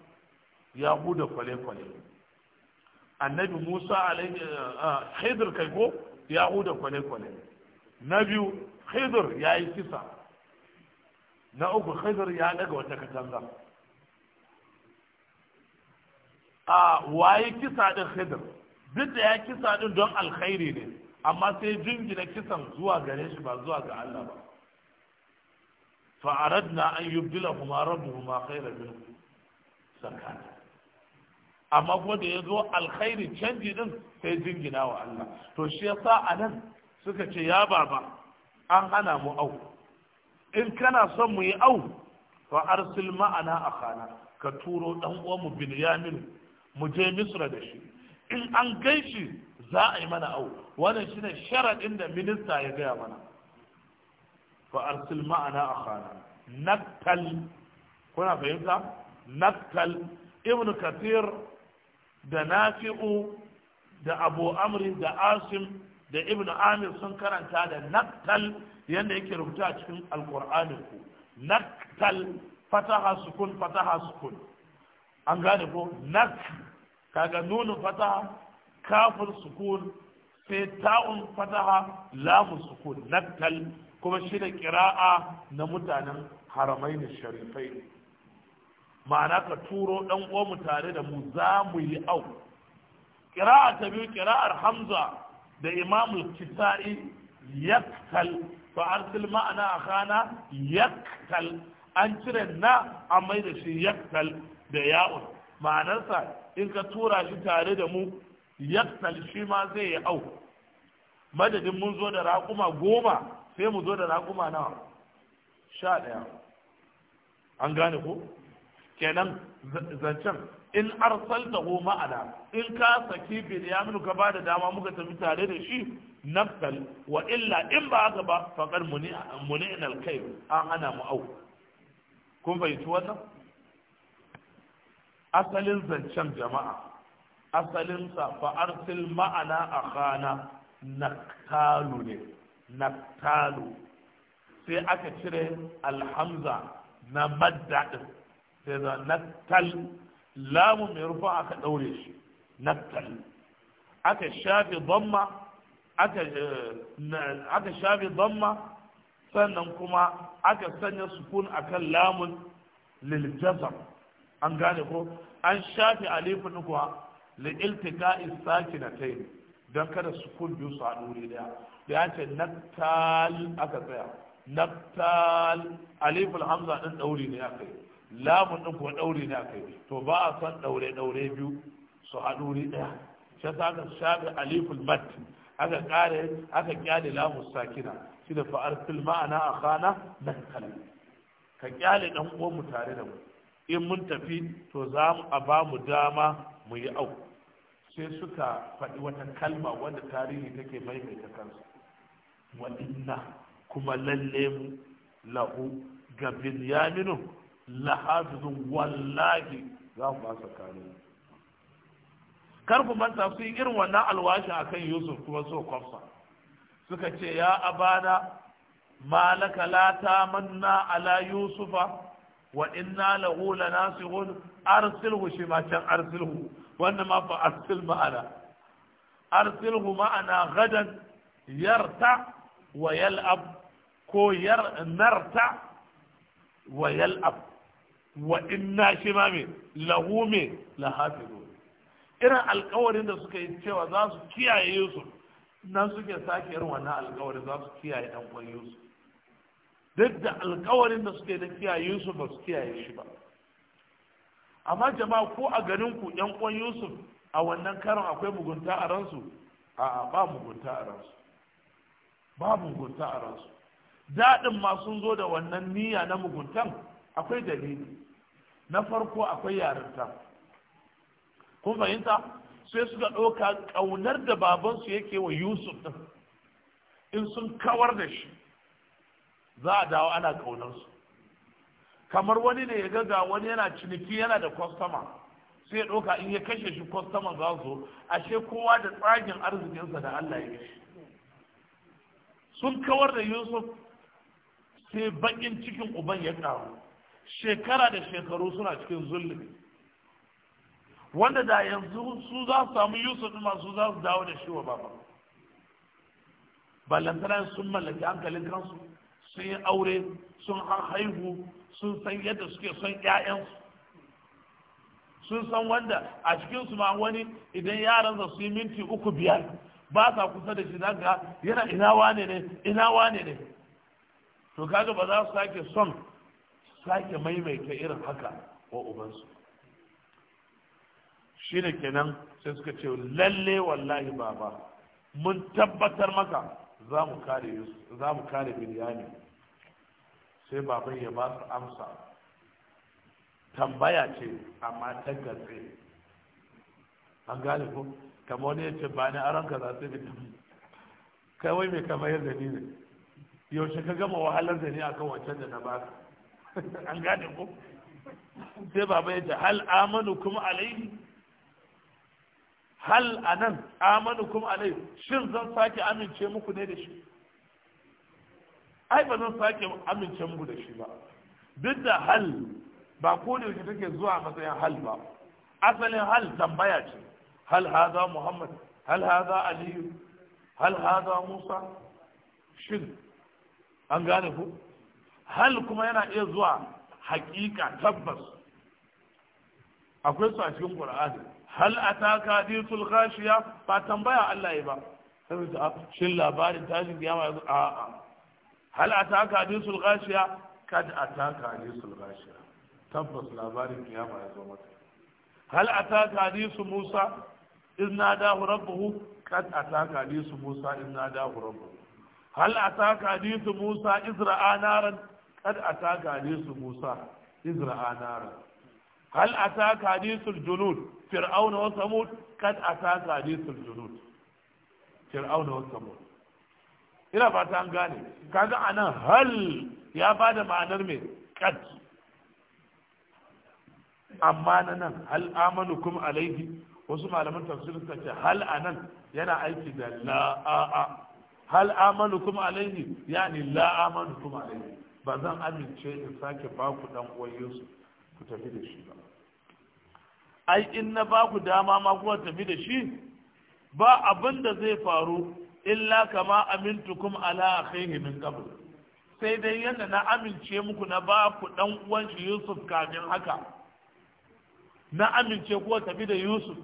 ya huda kwale-kwale annabi Musa alaihi eh, eh, Khidr kai ko ya huda kwale-kwale na biyu Khidr ya yi kisa na uku Khidr ya daga wata katanga a ah, waye kisa din Khidr duk da ya kisa din don alkhairi ne amma sai jingina kisan zuwa gare shi ba zuwa ga Allah ba fa na an rabu rabbuhuma khaira bin sakata amma kuma da ya zo alkhairi canji din sai jingina wa Allah to shi yasa a nan suka ce ya baba an hana mu au in kana son mu yi au fa arsil ma'ana kana ka turo dan uwan mu yamin mu je misra da shi in an gaishi za a yi mana au wannan shine sharaɗin da minista ya gaya mana fa arsil ma'ana akhana naktal kuna fahimta naktal ibn kathir da nafi'u da abu amri da asim da ibn amir sun karanta da naktal yadda yake rubuta cikin alkur'anin ku naktal fataha sukun fataha sukun an gane ko nak kaga nunin fataha kafin sukun sai ta'un fataha lamun sukun nattal kuma shi da kira'a na mutanen haramai da sharifai ma'ana ka turo ɗan mu tare da mu za mu yi au kira'a ta biyu kira'ar hamza da imamul kisa'i yaktal fa arsil ma'ana kana yaktal an cire na a mai da shi yaktal da ya'un ma'anarsa in ka tura shi tare da mu yaktal shi ma zai yi au madadin mun zo da raƙuma goma sai mu zo da raƙuma nawa sha ɗaya an gane ko kenan zancen in arsal arsalta ko ma'ana in ka saki minu ka ba da dama muka tafi tare da shi naftal wa illa in ba haka ba faƙar in alkai an hana mu au kun bai wannan asalin zancen jama'a asalinsa fa arsil ma'ana akhana naktalu ne naktalu sai aka cire alhamza na madda din sai da naktal lamu mai rufa aka ɗaure shi naktal aka shafe bamma eh, aka shafe dhamma sannan kuma aka sanya sukun akan lamun lil an gane ko an shafe alifin kuwa li'iltika isaki na ta don kada su kun biyu su haɗu wuri ɗaya da ya ce naktal aka tsaya naktal aliful hamza ɗin ɗauri ne aka yi lamun ɗin kuma ɗauri ne aka yi to ba a son ɗaure ɗaure biyu su haɗu wuri ɗaya shi sa aka shafe aliful mat aka kare aka ƙyale lamun sakina shi da fa'ar fil ma'ana a kana naktal ka ƙyale ɗan mu tare da mu in mun tafi to za mu a ba mu dama mu yi au sai suka faɗi wata kalma wanda tarihi take maimaita kansu wa inna kuma lalle mu lahu ga binyaminu lahafizun wallahi za ku ba kare kar ku manta su yi irin wannan alwashin akan yusuf kuma so kwafsa suka ce ya abana malaka la manna ala yusufa wa inna lahu su arsilhu shi ma can arsilhu wannan ma fa arsil ma'ana arsilhu ma'ana gadan yarta wa yal'ab ko yar narta wa yal'ab wa inna shi ma me lahu me lahafizu irin alkawarin da suka yi cewa za su kiyaye Yusuf nan suke sake irin wannan alkawarin za su kiyaye dan Yusuf duk da alkawarin da suke da kiyaye Yusuf ba su kiyaye shi ba amma jama'a ko a garin ku yan uwan Yusuf a wannan karon akwai mugunta a ransu a ba mugunta a ransu ba mugunta a ransu daɗin ma sun zo da wannan niyya na muguntan akwai dalili na farko akwai yarinta kun fahimta sai suka ɗauka ƙaunar da babansu yake wa yusuf din. in sun kawar da shi za a dawo ana ƙaunarsu kamar wani ne ya gaga wani yana ciniki yana da kwastama sai ya ɗauka in ya kashe shi kwastama za su ashe kowa da tsagen arzikinsa da Allah ya kashe sun kawar da yusuf sai bakin cikin uban ya ƙaru shekara da shekaru suna cikin zulmi wanda da yanzu su za su samu yusuf masu za su dawo da shi wa baba balantana sun mallaki hankalin kansu sun yi aure sun haihu sun san yadda suke son 'ya'yansu. sun san wanda a cikinsu ma wani idan yaransa su yi minti uku biyar ba sa kusa da shi za ga yana ina wane ne ina wane ne to kaga ba za su sake son sake maimaita irin haka wa ubansu shi ne kenan sai suka ce lalle wallahi baba mun tabbatar maka za mu kare biryani sai baban ya ba su amsa tambaya ce amma ta gaske an gane ko kamar wani ya ce ba ni aron ka za su bi ta kai wai mai kamar da ni ne yaushe ka gama wahalar da ni akan wancan da na baka an gane ko sai baba ya ce hal amanu kuma alaihi hal anan amanu kuma alaihi shin zan sake amince muku ne da shi ai ba zan sake amince mu da shi ba duk da hal ba ko da yake take zuwa matsayin hal ba asalin hal tambaya ce hal haza muhammad hal haza aliyu hal haza musa shin an gane ku hal kuma yana iya zuwa hakika tabbas akwai su a cikin qur'ani hal ataka hadithul ghashiya ba tambaya Allah yi ba ah, shin labarin tashin kiyama a a hal ta haka gashiya kad a ta haka gashiya tabbas labarin kiyama ya zo mata hal a ta haka musa in na dahu rabbuhu kad a ta haka musa in na dahu rabbuhu hal ta haka hadisu musa izra'a naran kad a ta haka hadisu musa izra'a naran hal ta haka hadisu fir'auna wa samud kad a ta haka hadisu fir'auna wa samud ina fata an gane kaga anan hal ya bada ma'anar mai kad amma na nan hal amanu kuma alaihi wasu malaman tafsir suka ce hal anan yana aiki da la'a'a hal amanu kuma alaihi yani la amanu kuma alaihi ba zan amince in sake ba ku dan uwayensu ku tafi da shi ba ai in na ba ku dama ma kuma tafi da shi ba abin da zai faru illa kama amintukum ala akhihi min qabl sai dai yadda na amince muku na ba ku dan uwan shi Yusuf kafin haka na amince ta tafi da Yusuf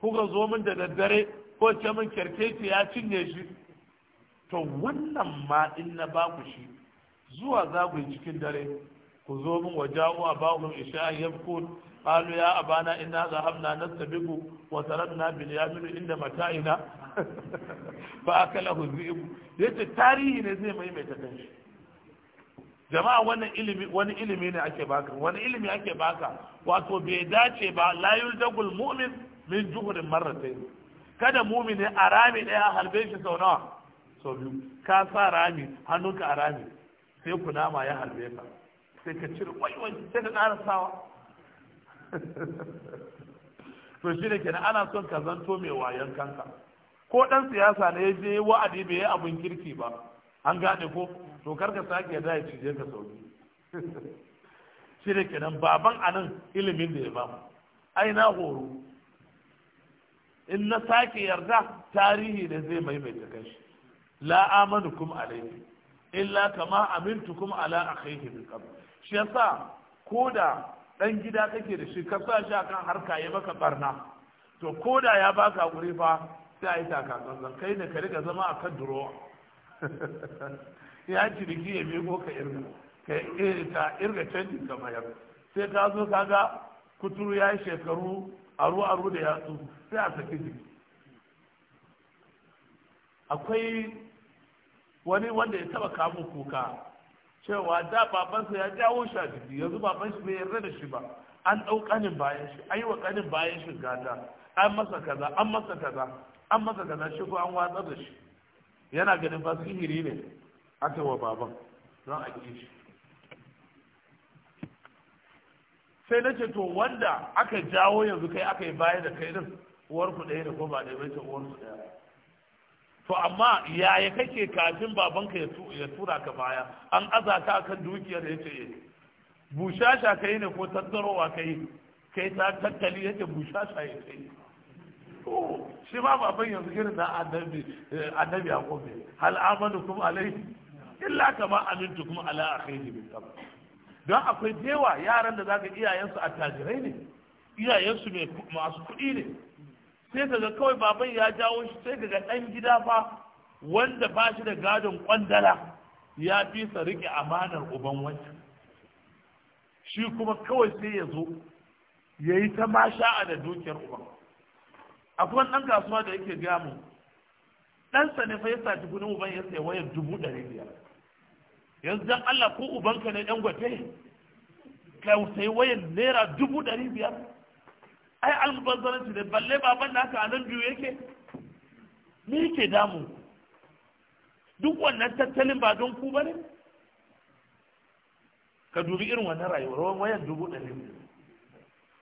kuka zo min da daddare ko ce min ya cinye shi to wannan ma in na ba ku shi zuwa zagun cikin dare ku zo min wa ja'u abahum isha yabkun قالوا يا أبانا إنا ذهبنا نستبق وتركنا باليامين عند متاعنا فأكله الذئب yace tarihi ne zai maimaita kanshi jama'a wannan ilimi wani ilimi ne ake baka wani ilimi ake baka wato bai dace ba la yuldagul mu'min min juhurin marratayn kada mu'min a rami daya halbe shi sau nawa sau biyu ka sa rami hannunka a rami sai nama ya halbe ka sai ka cire wai wai sai ka ƙara sawa to shi ne kenan ana son ka zanto mai wayan kanka ko dan siyasa ne je wa'adi bai yi abin kirki ba an gane ko to kar ka sake yadda ya cije ka sauki shi ne kenan baban anan ilimin da ya ba mu ai na horo in na sake yarda tarihi ne zai maimaita kanshi la kum alayhi illa kama amintukum ala akhihi min qabl shi yasa ko da dan gida kake da shi ka sa shi akan harka ya maka barna to ko da ya baka wuri fa sai ai ta kai ne ka riga zama akan durowa ya ciniki ya bi ka irga ka irga canjin ka mayar sai ka zo kaga kuturu ya yi shekaru aru aru da yatsu sai a saki jiki akwai wani wanda ya taba kamo kuka cewa da babansa ya jawo shafi jiki yanzu babansa bai yarda da shi ba an ɗau ƙanin bayan shi an yi wa ƙanin bayan shi gata an masa kaza an masa kaza an masa kaza shi ko an watsar da shi yana ganin fa sihiri ne aka wa baban don a ƙi shi sai na ce to wanda aka jawo yanzu kai aka yi baya da kai din uwar ku ɗaya da ko ba ɗaya bai ce uwar ku ɗaya to amma yaya kake kafin babanka ya tura ka baya an aza ka kan dukiyar ya ce bushasha ka yi ne ko tattarowa ka yi kai ta tattali ya ce bushasha ya ce to shi ma baban yanzu irin na annabi eh, annabi a kofi hal amanu kuma alai illa kama amintu kuma ala akhihi bin sabr don akwai dewa yaran da zaka iyayensu attajirai ne iyayensu masu kuɗi ne sai kaga kawai baban ya jawo shi sai kaga ɗan gida fa wanda ba shi da gadon kwandala ya fi sa rike amanar uban wancan shi kuma kawai sai ya zo ya yi ta masha'a da dukiyar uban akwai ɗan kasuwa da yake gaya mu ɗansa ne fa ya saci kudin uban ya sai wayar dubu ɗari biyar yanzu dan Allah ko ubanka ne ɗan gwate ka sai wayar naira dubu ɗari biyar ai almubazzaranci da balle baban da haka a nan biyu yake me yake damu duk wannan tattalin ba don ku bane ka dubi irin wannan rayuwar wayan dubu ɗari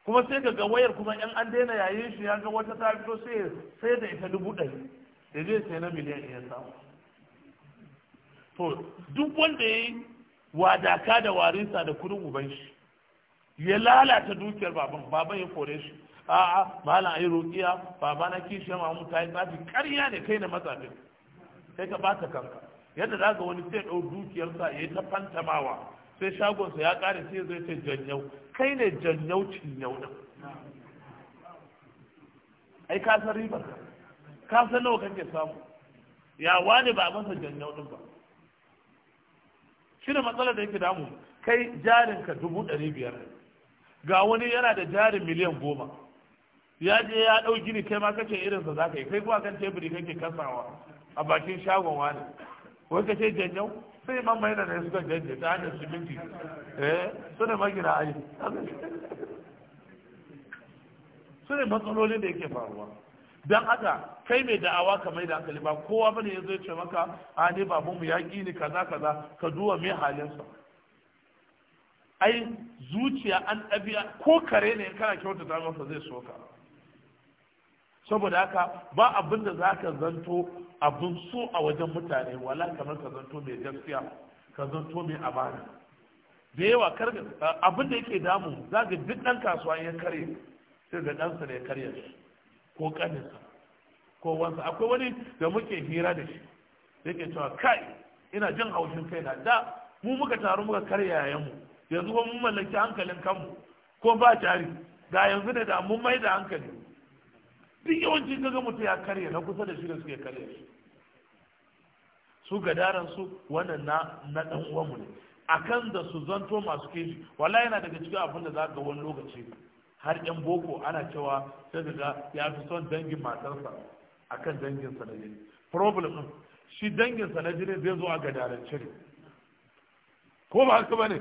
kuma sai ka ga wayar kuma yan an daina yayin shi ya ga wata ta fito sai sai da ita dubu ɗari da zai sai na miliyan ya samu to duk wanda ya yi wadaka da warisa da kudin uban shi ya lalata dukiyar baban baban ya kore shi a'a malam ayi roƙiya baba na kishi ya mamu ta yi tsafi ƙarya ne kai na mazafin sai ka bata kanka yadda za ga wani sai ɗau dukiyarsa ya yi ta fantamawa sai shagonsa ya ƙare sai zai ce janyau kai ne janyau cinyau ɗin ai ka san ribar ka ka san nawa kake samu ya wani ba masa janyau ɗin ba shi ne matsalar da yake damu kai jarinka dubu ɗari biyar ne ga wani yana da jarin miliyan goma ya je ya ɗau gini kai ma kace sa za ka yi kai kuma kan teburi kake kasawa a bakin shagon wani wai ka ce janyau sai man mai da suka janye ta hanyar siminti eh su ne magina ayi su ne matsalolin da yake faruwa don haka kai mai da'awa ka mai da hankali ba kowa bane ya zai ce maka a ne babanmu ya ƙi ni kaza kaza ka duwa mai halinsa ai zuciya an ɗabi'a ko kare ne kana kyautata masa zai soka saboda haka ba abin da za ka zanto abin so a wajen mutane wala kamar ka zanto mai gaskiya ka zanto mai amana da yawa abin da yake damu za ga duk ɗan kasuwa ya karye sai ga ɗansa ne karya shi ko ƙaninsa ko wansa akwai wani da muke hira da shi yake cewa kai ina jin haushin kai na da mu muka taru muka karya yayanmu yanzu ko mun mallaki hankalin kanmu ko ba tari ga yanzu ne da mun mai da hankali duk yawanci kaga mutum ya karya na kusa da shi da suke karya shi su gadaran su wannan na na dan uwanmu ne akan da su zanto masu kishi wala yana daga cikin abin da za ga wani lokaci har yan boko ana cewa sai daga ya fi son dangin matarsa akan danginsa na jini problem din shi danginsa na jini zai zo a gadarance ne ko ba haka ba ne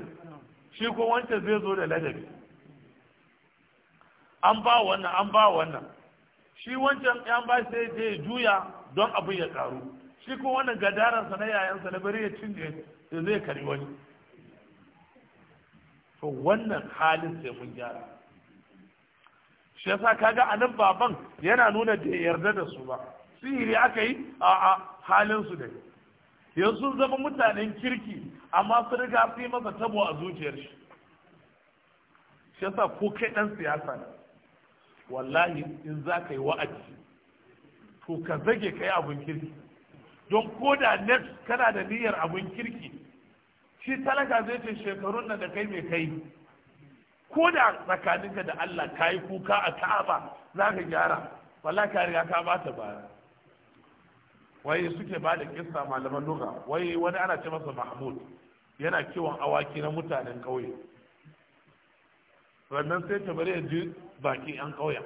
shi ko wancan zai zo da ladabi an ba wannan an ba wannan shi wancan yan ba sai ya juya don abin ya karu shi ko wannan gadararsa na yayansa na bari ya cinye zai kari wani to wannan halin sai mun gyara shi yasa kaga anan baban yana nuna da yarda da su ba sihiri aka yi a halin su da yanzu sun zama mutanen kirki amma sun riga su yi masa tabo a zuciyar shi shi yasa ko kai dan siyasa ne wallahi in za ka yi wa'azi to ka zage kai abun kirki don ko da ne kana da niyyar abun kirki shi talaka zai ce shekarun nan da kai mai kai ko da tsakaninka da Allah ka yi kuka a ka'aba za ka gyara wallahi ka riga ka bata baya wai suke ba da kissa malaman wai wani ana ce masa mahmud yana kiwon awaki na mutanen ƙauye sannan sai ta bari ya ji baki yan ƙauyen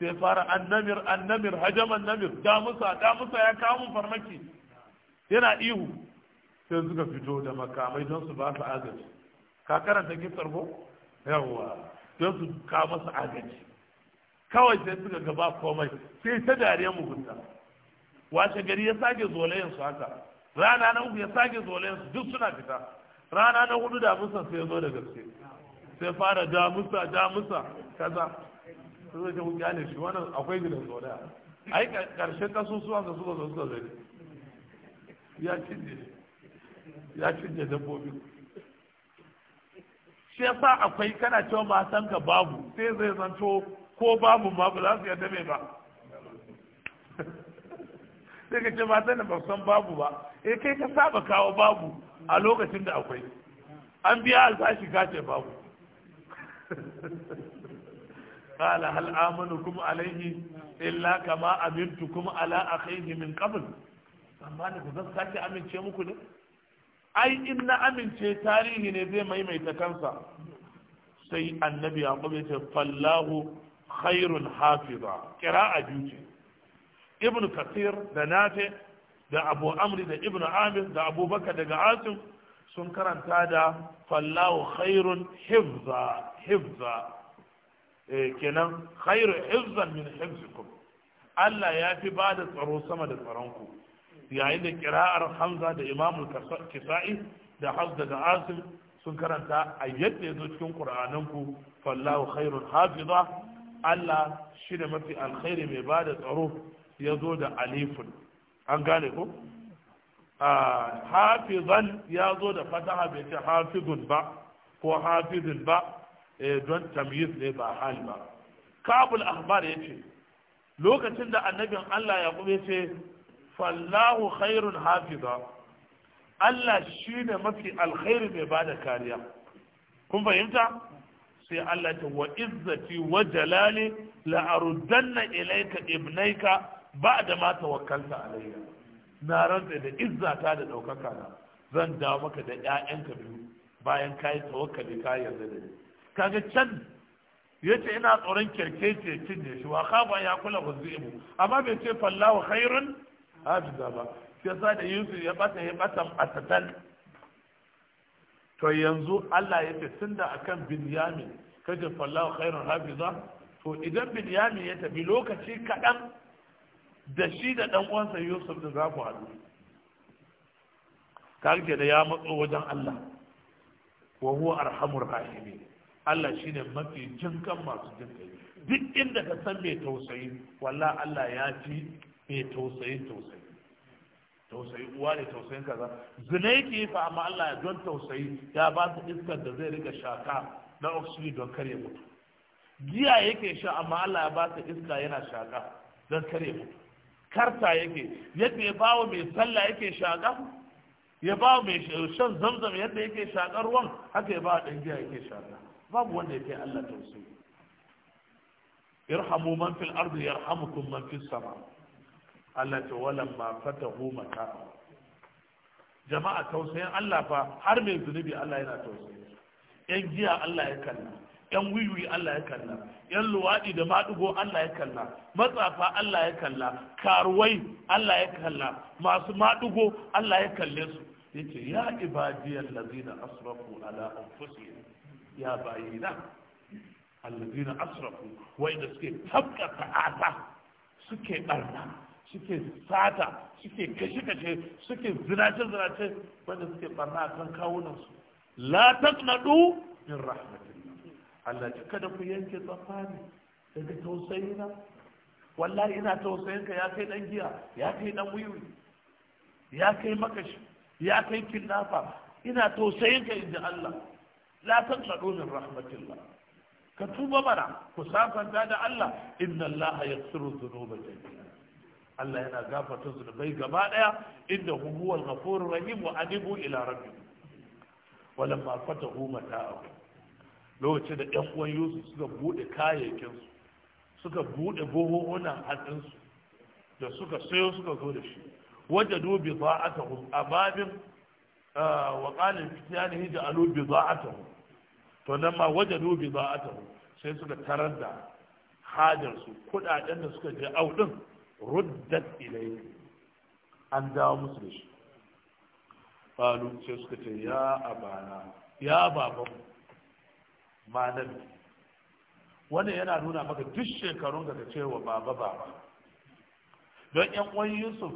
sai fara annamir annamir hajaman namir damusa damusa ya kawo farmaki yana ihu sai suka fito da makamai don su ba su agaji ka karanta kisar ko yawwa don su kawo masa agaji kawai sai suka gaba komai sai ta dariyar mugunta washe gari ya sake zolayen su haka rana na uku ya sake zolayen su duk suna fita rana na hudu da musa sai zo da gaske sai fara da musa da musa kaza sai zai ku gane shi wannan akwai gidan zolaya ai karshen kasusuwan da suka zo suka zai ya cinye ya cinye dabbobi shi yasa akwai kana cewa san ka babu sai zai zanto ko babu ma ba za su yadda mai ba sai ka ce matan da ba san babu ba e kai ka saba kawo babu a lokacin da akwai an biya alfashi ka ce babu قال هل آمنكم عليه illa kama أمنتكم على أخيه min قبل amma da ku zan sake amince muku ne ai in na amince tarihi ne zai maimaita kansa sai annabi ya kuma ce fallahu khairun hafiza qira'a biyu ce ibn kasir da nafi da abu amri da ibn amir da abubakar daga asim sun karanta da fallahu khairun hifza hifza eh, kenan khairu hifzan min hifzikum Allah ya fi ba da tsaro sama da tsaronku yayin da kira'ar hamza da imamul kisa'i da hafs daga asim sun karanta a yadda ya zo cikin ƙur'aninku fallahu khairun hafiza Allah shi da mafi alkhairi mai ba da tsaro ya zo da alifun an gane ko hafizan ya zo da fataha bai ce hafizun ba ko hafizun ba eh, don tamyiz ne ba hal ba kabul ahbar ya ce lokacin da annabin Allah ya kuma ce fallahu khairun hafiza Allah shi ne mafi alkhairi mai bada kariya kun fahimta sai Allah ta wa izzati wa jalali la ilaika ilayka ibnaika ba da ma tawakkalta alayya na rantsa da izzata da ɗaukaka na zan dawo maka da ƴaƴanka biyu bayan kai tawakkali ka yarda da ni kaga can yace ina tsoron kirkece cinye shi wa khafa ya kula wazimu amma bai ce fallahu khairun hafiza ba sai sa da yusuf ya bata ya bata atatan to yanzu Allah ya ce tunda akan binyamin kaje fallahu khairun hafiza to idan binyamin ya tafi lokaci kaɗan da shi da dan uwansa Yusuf da za ku haɗu karke da ya matso wajen Allah wa huwa arhamur rahimin Allah shine mafi jinkan masu jinkai duk inda ka san mai tausayi wallahi Allah ya fi mai tausayi tausayi tausayi uwa ne tausayin kaza zina yake yi fa amma Allah ya don tausayi ya ba su iskar da zai rika shaka na oxygen don kare mutu giya yake sha amma Allah ya ba su iska yana shaka don kare mutu karta yake yadda ya bawa mai sallah yake shaƙa ya bawa mai shan zamzam yadda yake shaƙar ruwan haka ya bawa ɗan giya yake shaƙa babu wanda yake Allah tausayi irhamu man fil ardi yarhamukum man fis sama Allah ta walan ma fatahu mata jama'a tausayin Allah fa har mai zunubi Allah yana tausayi yan giya Allah ya kalla yan wiwi Allah ya kalla yan luwaɗi da maɗugo Allah ya kalla matsafa Allah ya kalla karuwai Allah ya kalla masu maɗugo Allah ya kalle su yace ya ibadiyar lazina asrafu ala anfusihim ya bayina alladina asrafu wai da suke tabka ta'ata suke barna suke sata suke kashe-kashe suke zinace-zinace wanda suke barna akan kawunansu la taqnadu min rahmat Allah ci kada ku yanke tsafani daga tausayina wallahi ina tausayin ka ya kai dan giya ya kai dan wiwi ya kai makashi ya kai kinnafa ina tausayin ka inji Allah la san taqnadu min rahmatillah ka tuba mana ku safanta da Allah inna Allah yaghfiru dhunuba jami'a Allah yana gafarta zunubai gaba daya inda huwal ghafurur rahim wa anibu ila rabbikum walamma fatahu mata'ahum lokacin da ɗan uwan yusuf suka buɗe kayayyakinsu suka buɗe buhuhunan hannunsu da suka sayo suka zo da shi wajen dubi za a ta hu a babin wakalin fitiyani hijja a lubi za a ta hu to nan ma wajen dubi za a ta hu sai suka tarar da hajarsu kuɗaɗen da suka je ɗin ruddat ilai an dawo musu da shi falu sai suka ce ya abana ya babanmu malami wannan yana nuna maka duk shekarun da cewa baba baba don yan uwan yusuf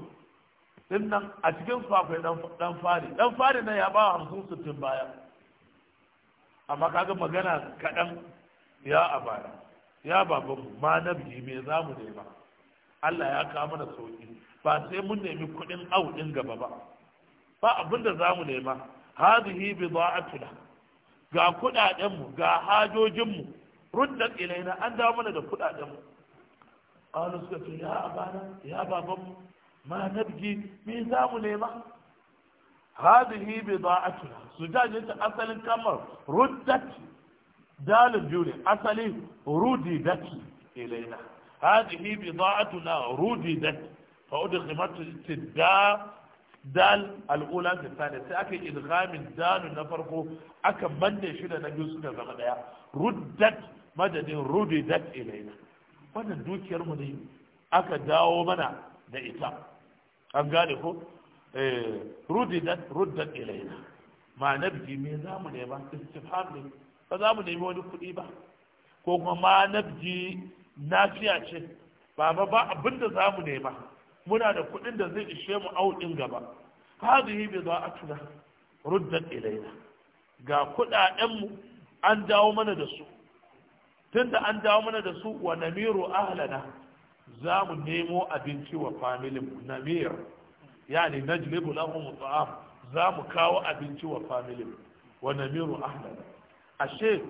din nan a cikin su akwai dan fari dan fari na ya ba hamsin sittin baya amma kaga magana kaɗan ya a baya ya Baba ma nabi me za mu nema Allah ya kawo mana sauki ba sai mun nemi kuɗin au ɗin gaba ba ba abin da za mu nema hadhihi bida'atuna ga kuɗaɗenmu ga hajojinmu rudda ilaina an dawo mana da kuɗaɗenmu qalu suka ce ya abana ya babanmu ma nabgi me za mu nema hadhihi bida'atuna su jaje ta asalin kamar ruddat dalil juri ne asali rudidat ilaina hadhihi bida'atuna rudidat fa udkhimat tidda dal al'ula da tsani sai aka yi idghamin dalu na farko aka manne shi da na biyu suka zama daya ruddat madadin ruddat ilaina wannan dukiyar mu ne aka dawo mana da ita an gane ko eh rudidat ruddat ilaina ma nabji me zamu ne ba istifham ne ba za mu nemi wani kuɗi ba ko kuma ma nabji nafiya ce ba ba abinda za mu ba. muna da kuɗin da zai ishe mu auɗin gaba bi bida'atuna ruddat ilaina ga kudaden mu an dawo mana da su tunda an dawo mana da su wa namiru ahlana za mu nemo abinci wa familin mu namir yani najlibu lahum ta'am za mu kawo abinci wa familin wa namiru ahlana ashe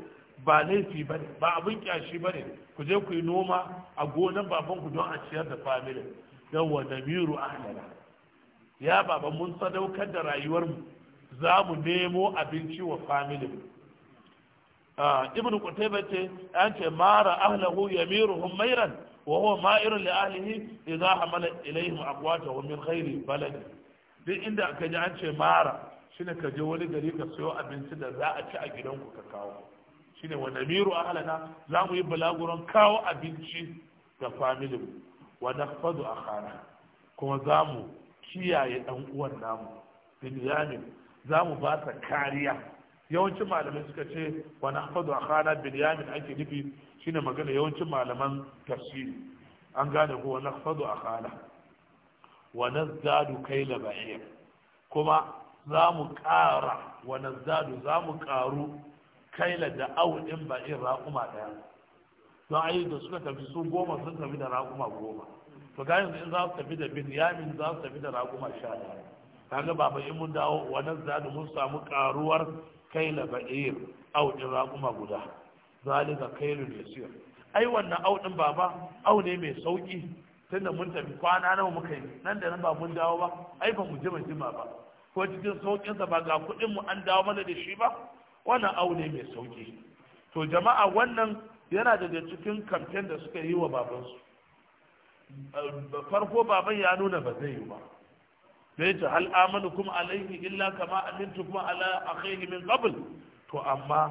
ba laifi ba ne ba abin kyashi ba ne ku je ku yi noma a gonan babanku don a ciyar da familin yawwa damiru ahlala, ya baba mun sadaukar da rayuwarmu za mu nemo abinci wa familin ah, ibn qutayba ce an ce mara ahlahu hun mairan wa huwa ma'irin li ahlihi idza hamala ilayhim wa min khairi balad duk inda aka ji an ce mara shine ka je wani gari ka sayo abinci da za a ci a gidanku ka kawo shine wa namiru ahlana za mu yi balaguron kawo abinci ga familin wa a akhana kuma za mu kiyaye dan uwan namu binyamin za mu ba ta kariya yawancin malamai suka ce wa nahfadu akhana binyamin ake nufi shine magana yawancin malaman tafsiri an gane ko wa nahfadu akhana wa kai kayla ba'ir kuma za mu ƙara wa nazdadu za mu ƙaru kaila da awudin ba'in raƙuma ɗaya don ayi da suka tafi su goma sun tafi da raguma goma to ga yanzu in za su tafi da binyamin za su tafi da raguma sha ɗaya ga baba in mun dawo wannan da mun samu karuwar kai na ba'ir auɗin raguma guda zalika kailun yasir ai wannan auɗin baba au ne mai sauki tunda mun tafi kwana nawa muka yi nan da nan ba mun dawo ba ai ba mu jima jima ba ko cikin sauƙin sa ba ga kuɗin mu an dawo mana da shi ba wannan au ne mai sauki to jama'a wannan yana daga cikin kamfen da suka yi wa babansu ehm, farko baban ya nuna ba zai yi ba bai ta hal amanu kuma alaihi illa kama amintu kuma ala akhihi min qabl to amma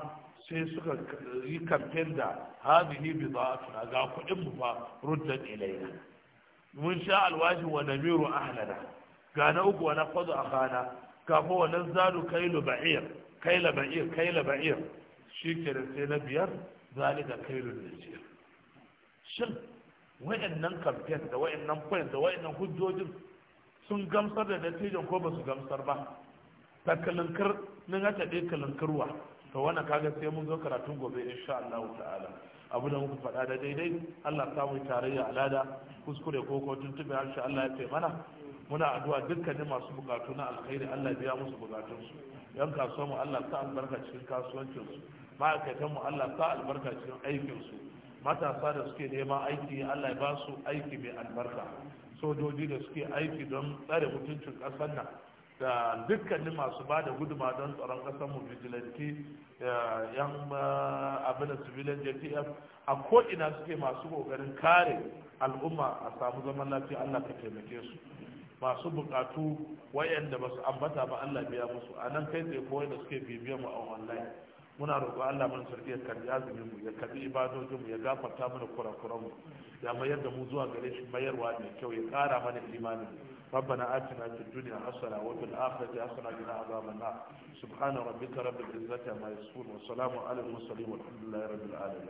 sai suka yi kamfen da hadhihi bidatuna ga kuɗin mu fa ruddat ilayna mun sha alwashi wa namiru ahlana ga na uku wa na fadu akhana ga fa wa nazalu kailu ba'ir kaila ba'ir kaila ba'ir shikenan sai na biyar zalika kairun najir shin wayannan campaign da wayannan points da wayannan hujjojin sun gamsar da dattijan ko ba su gamsar ba ta kalinkar nin hata dai kalinkarwa to wannan kaga sai mun zo karatun gobe insha Allah ta'ala abu da muka faɗa da daidai Allah ta mu tarayya alada kuskure ko ko tuntube insha Allah ya ce mana muna addu'a dukkanin masu bukatu na alkhairi Allah biya musu bukatunsu yan kasuwa mu Allah ta albarka cikin kasuwancinsu ma'aikatan mu Allah sa albarka cikin aikin su matasa da suke nema aiki Allah ya ba su aiki mai albarka sojoji da suke aiki don tsare mutuncin ƙasar nan da dukkanin masu ba da guduma don tsaron ƙasar mu vigilanti yan eh, abin da civilian jtf a ina suke masu ƙoƙarin kare al'umma a samu zaman lafiya Allah ka taimake su masu bukatu wayanda ba su ambata ba Allah biya musu a nan kai tsaye ko wanda suke bibiyar mu a online muna roƙo Allah mun sarki ya karbi azumin mu ya karbi ibadojin mu ya gafarta mana kurakuran mu ya mayar da mu zuwa gare shi mayarwa mai kyau ya ƙara mana imani ربنا آتنا في الدنيا حسنة وفي الآخرة حسنة وقنا عذاب النار سبحان ربك رب العزة عما يصفون وسلام على المرسلين والحمد لله رب العالمين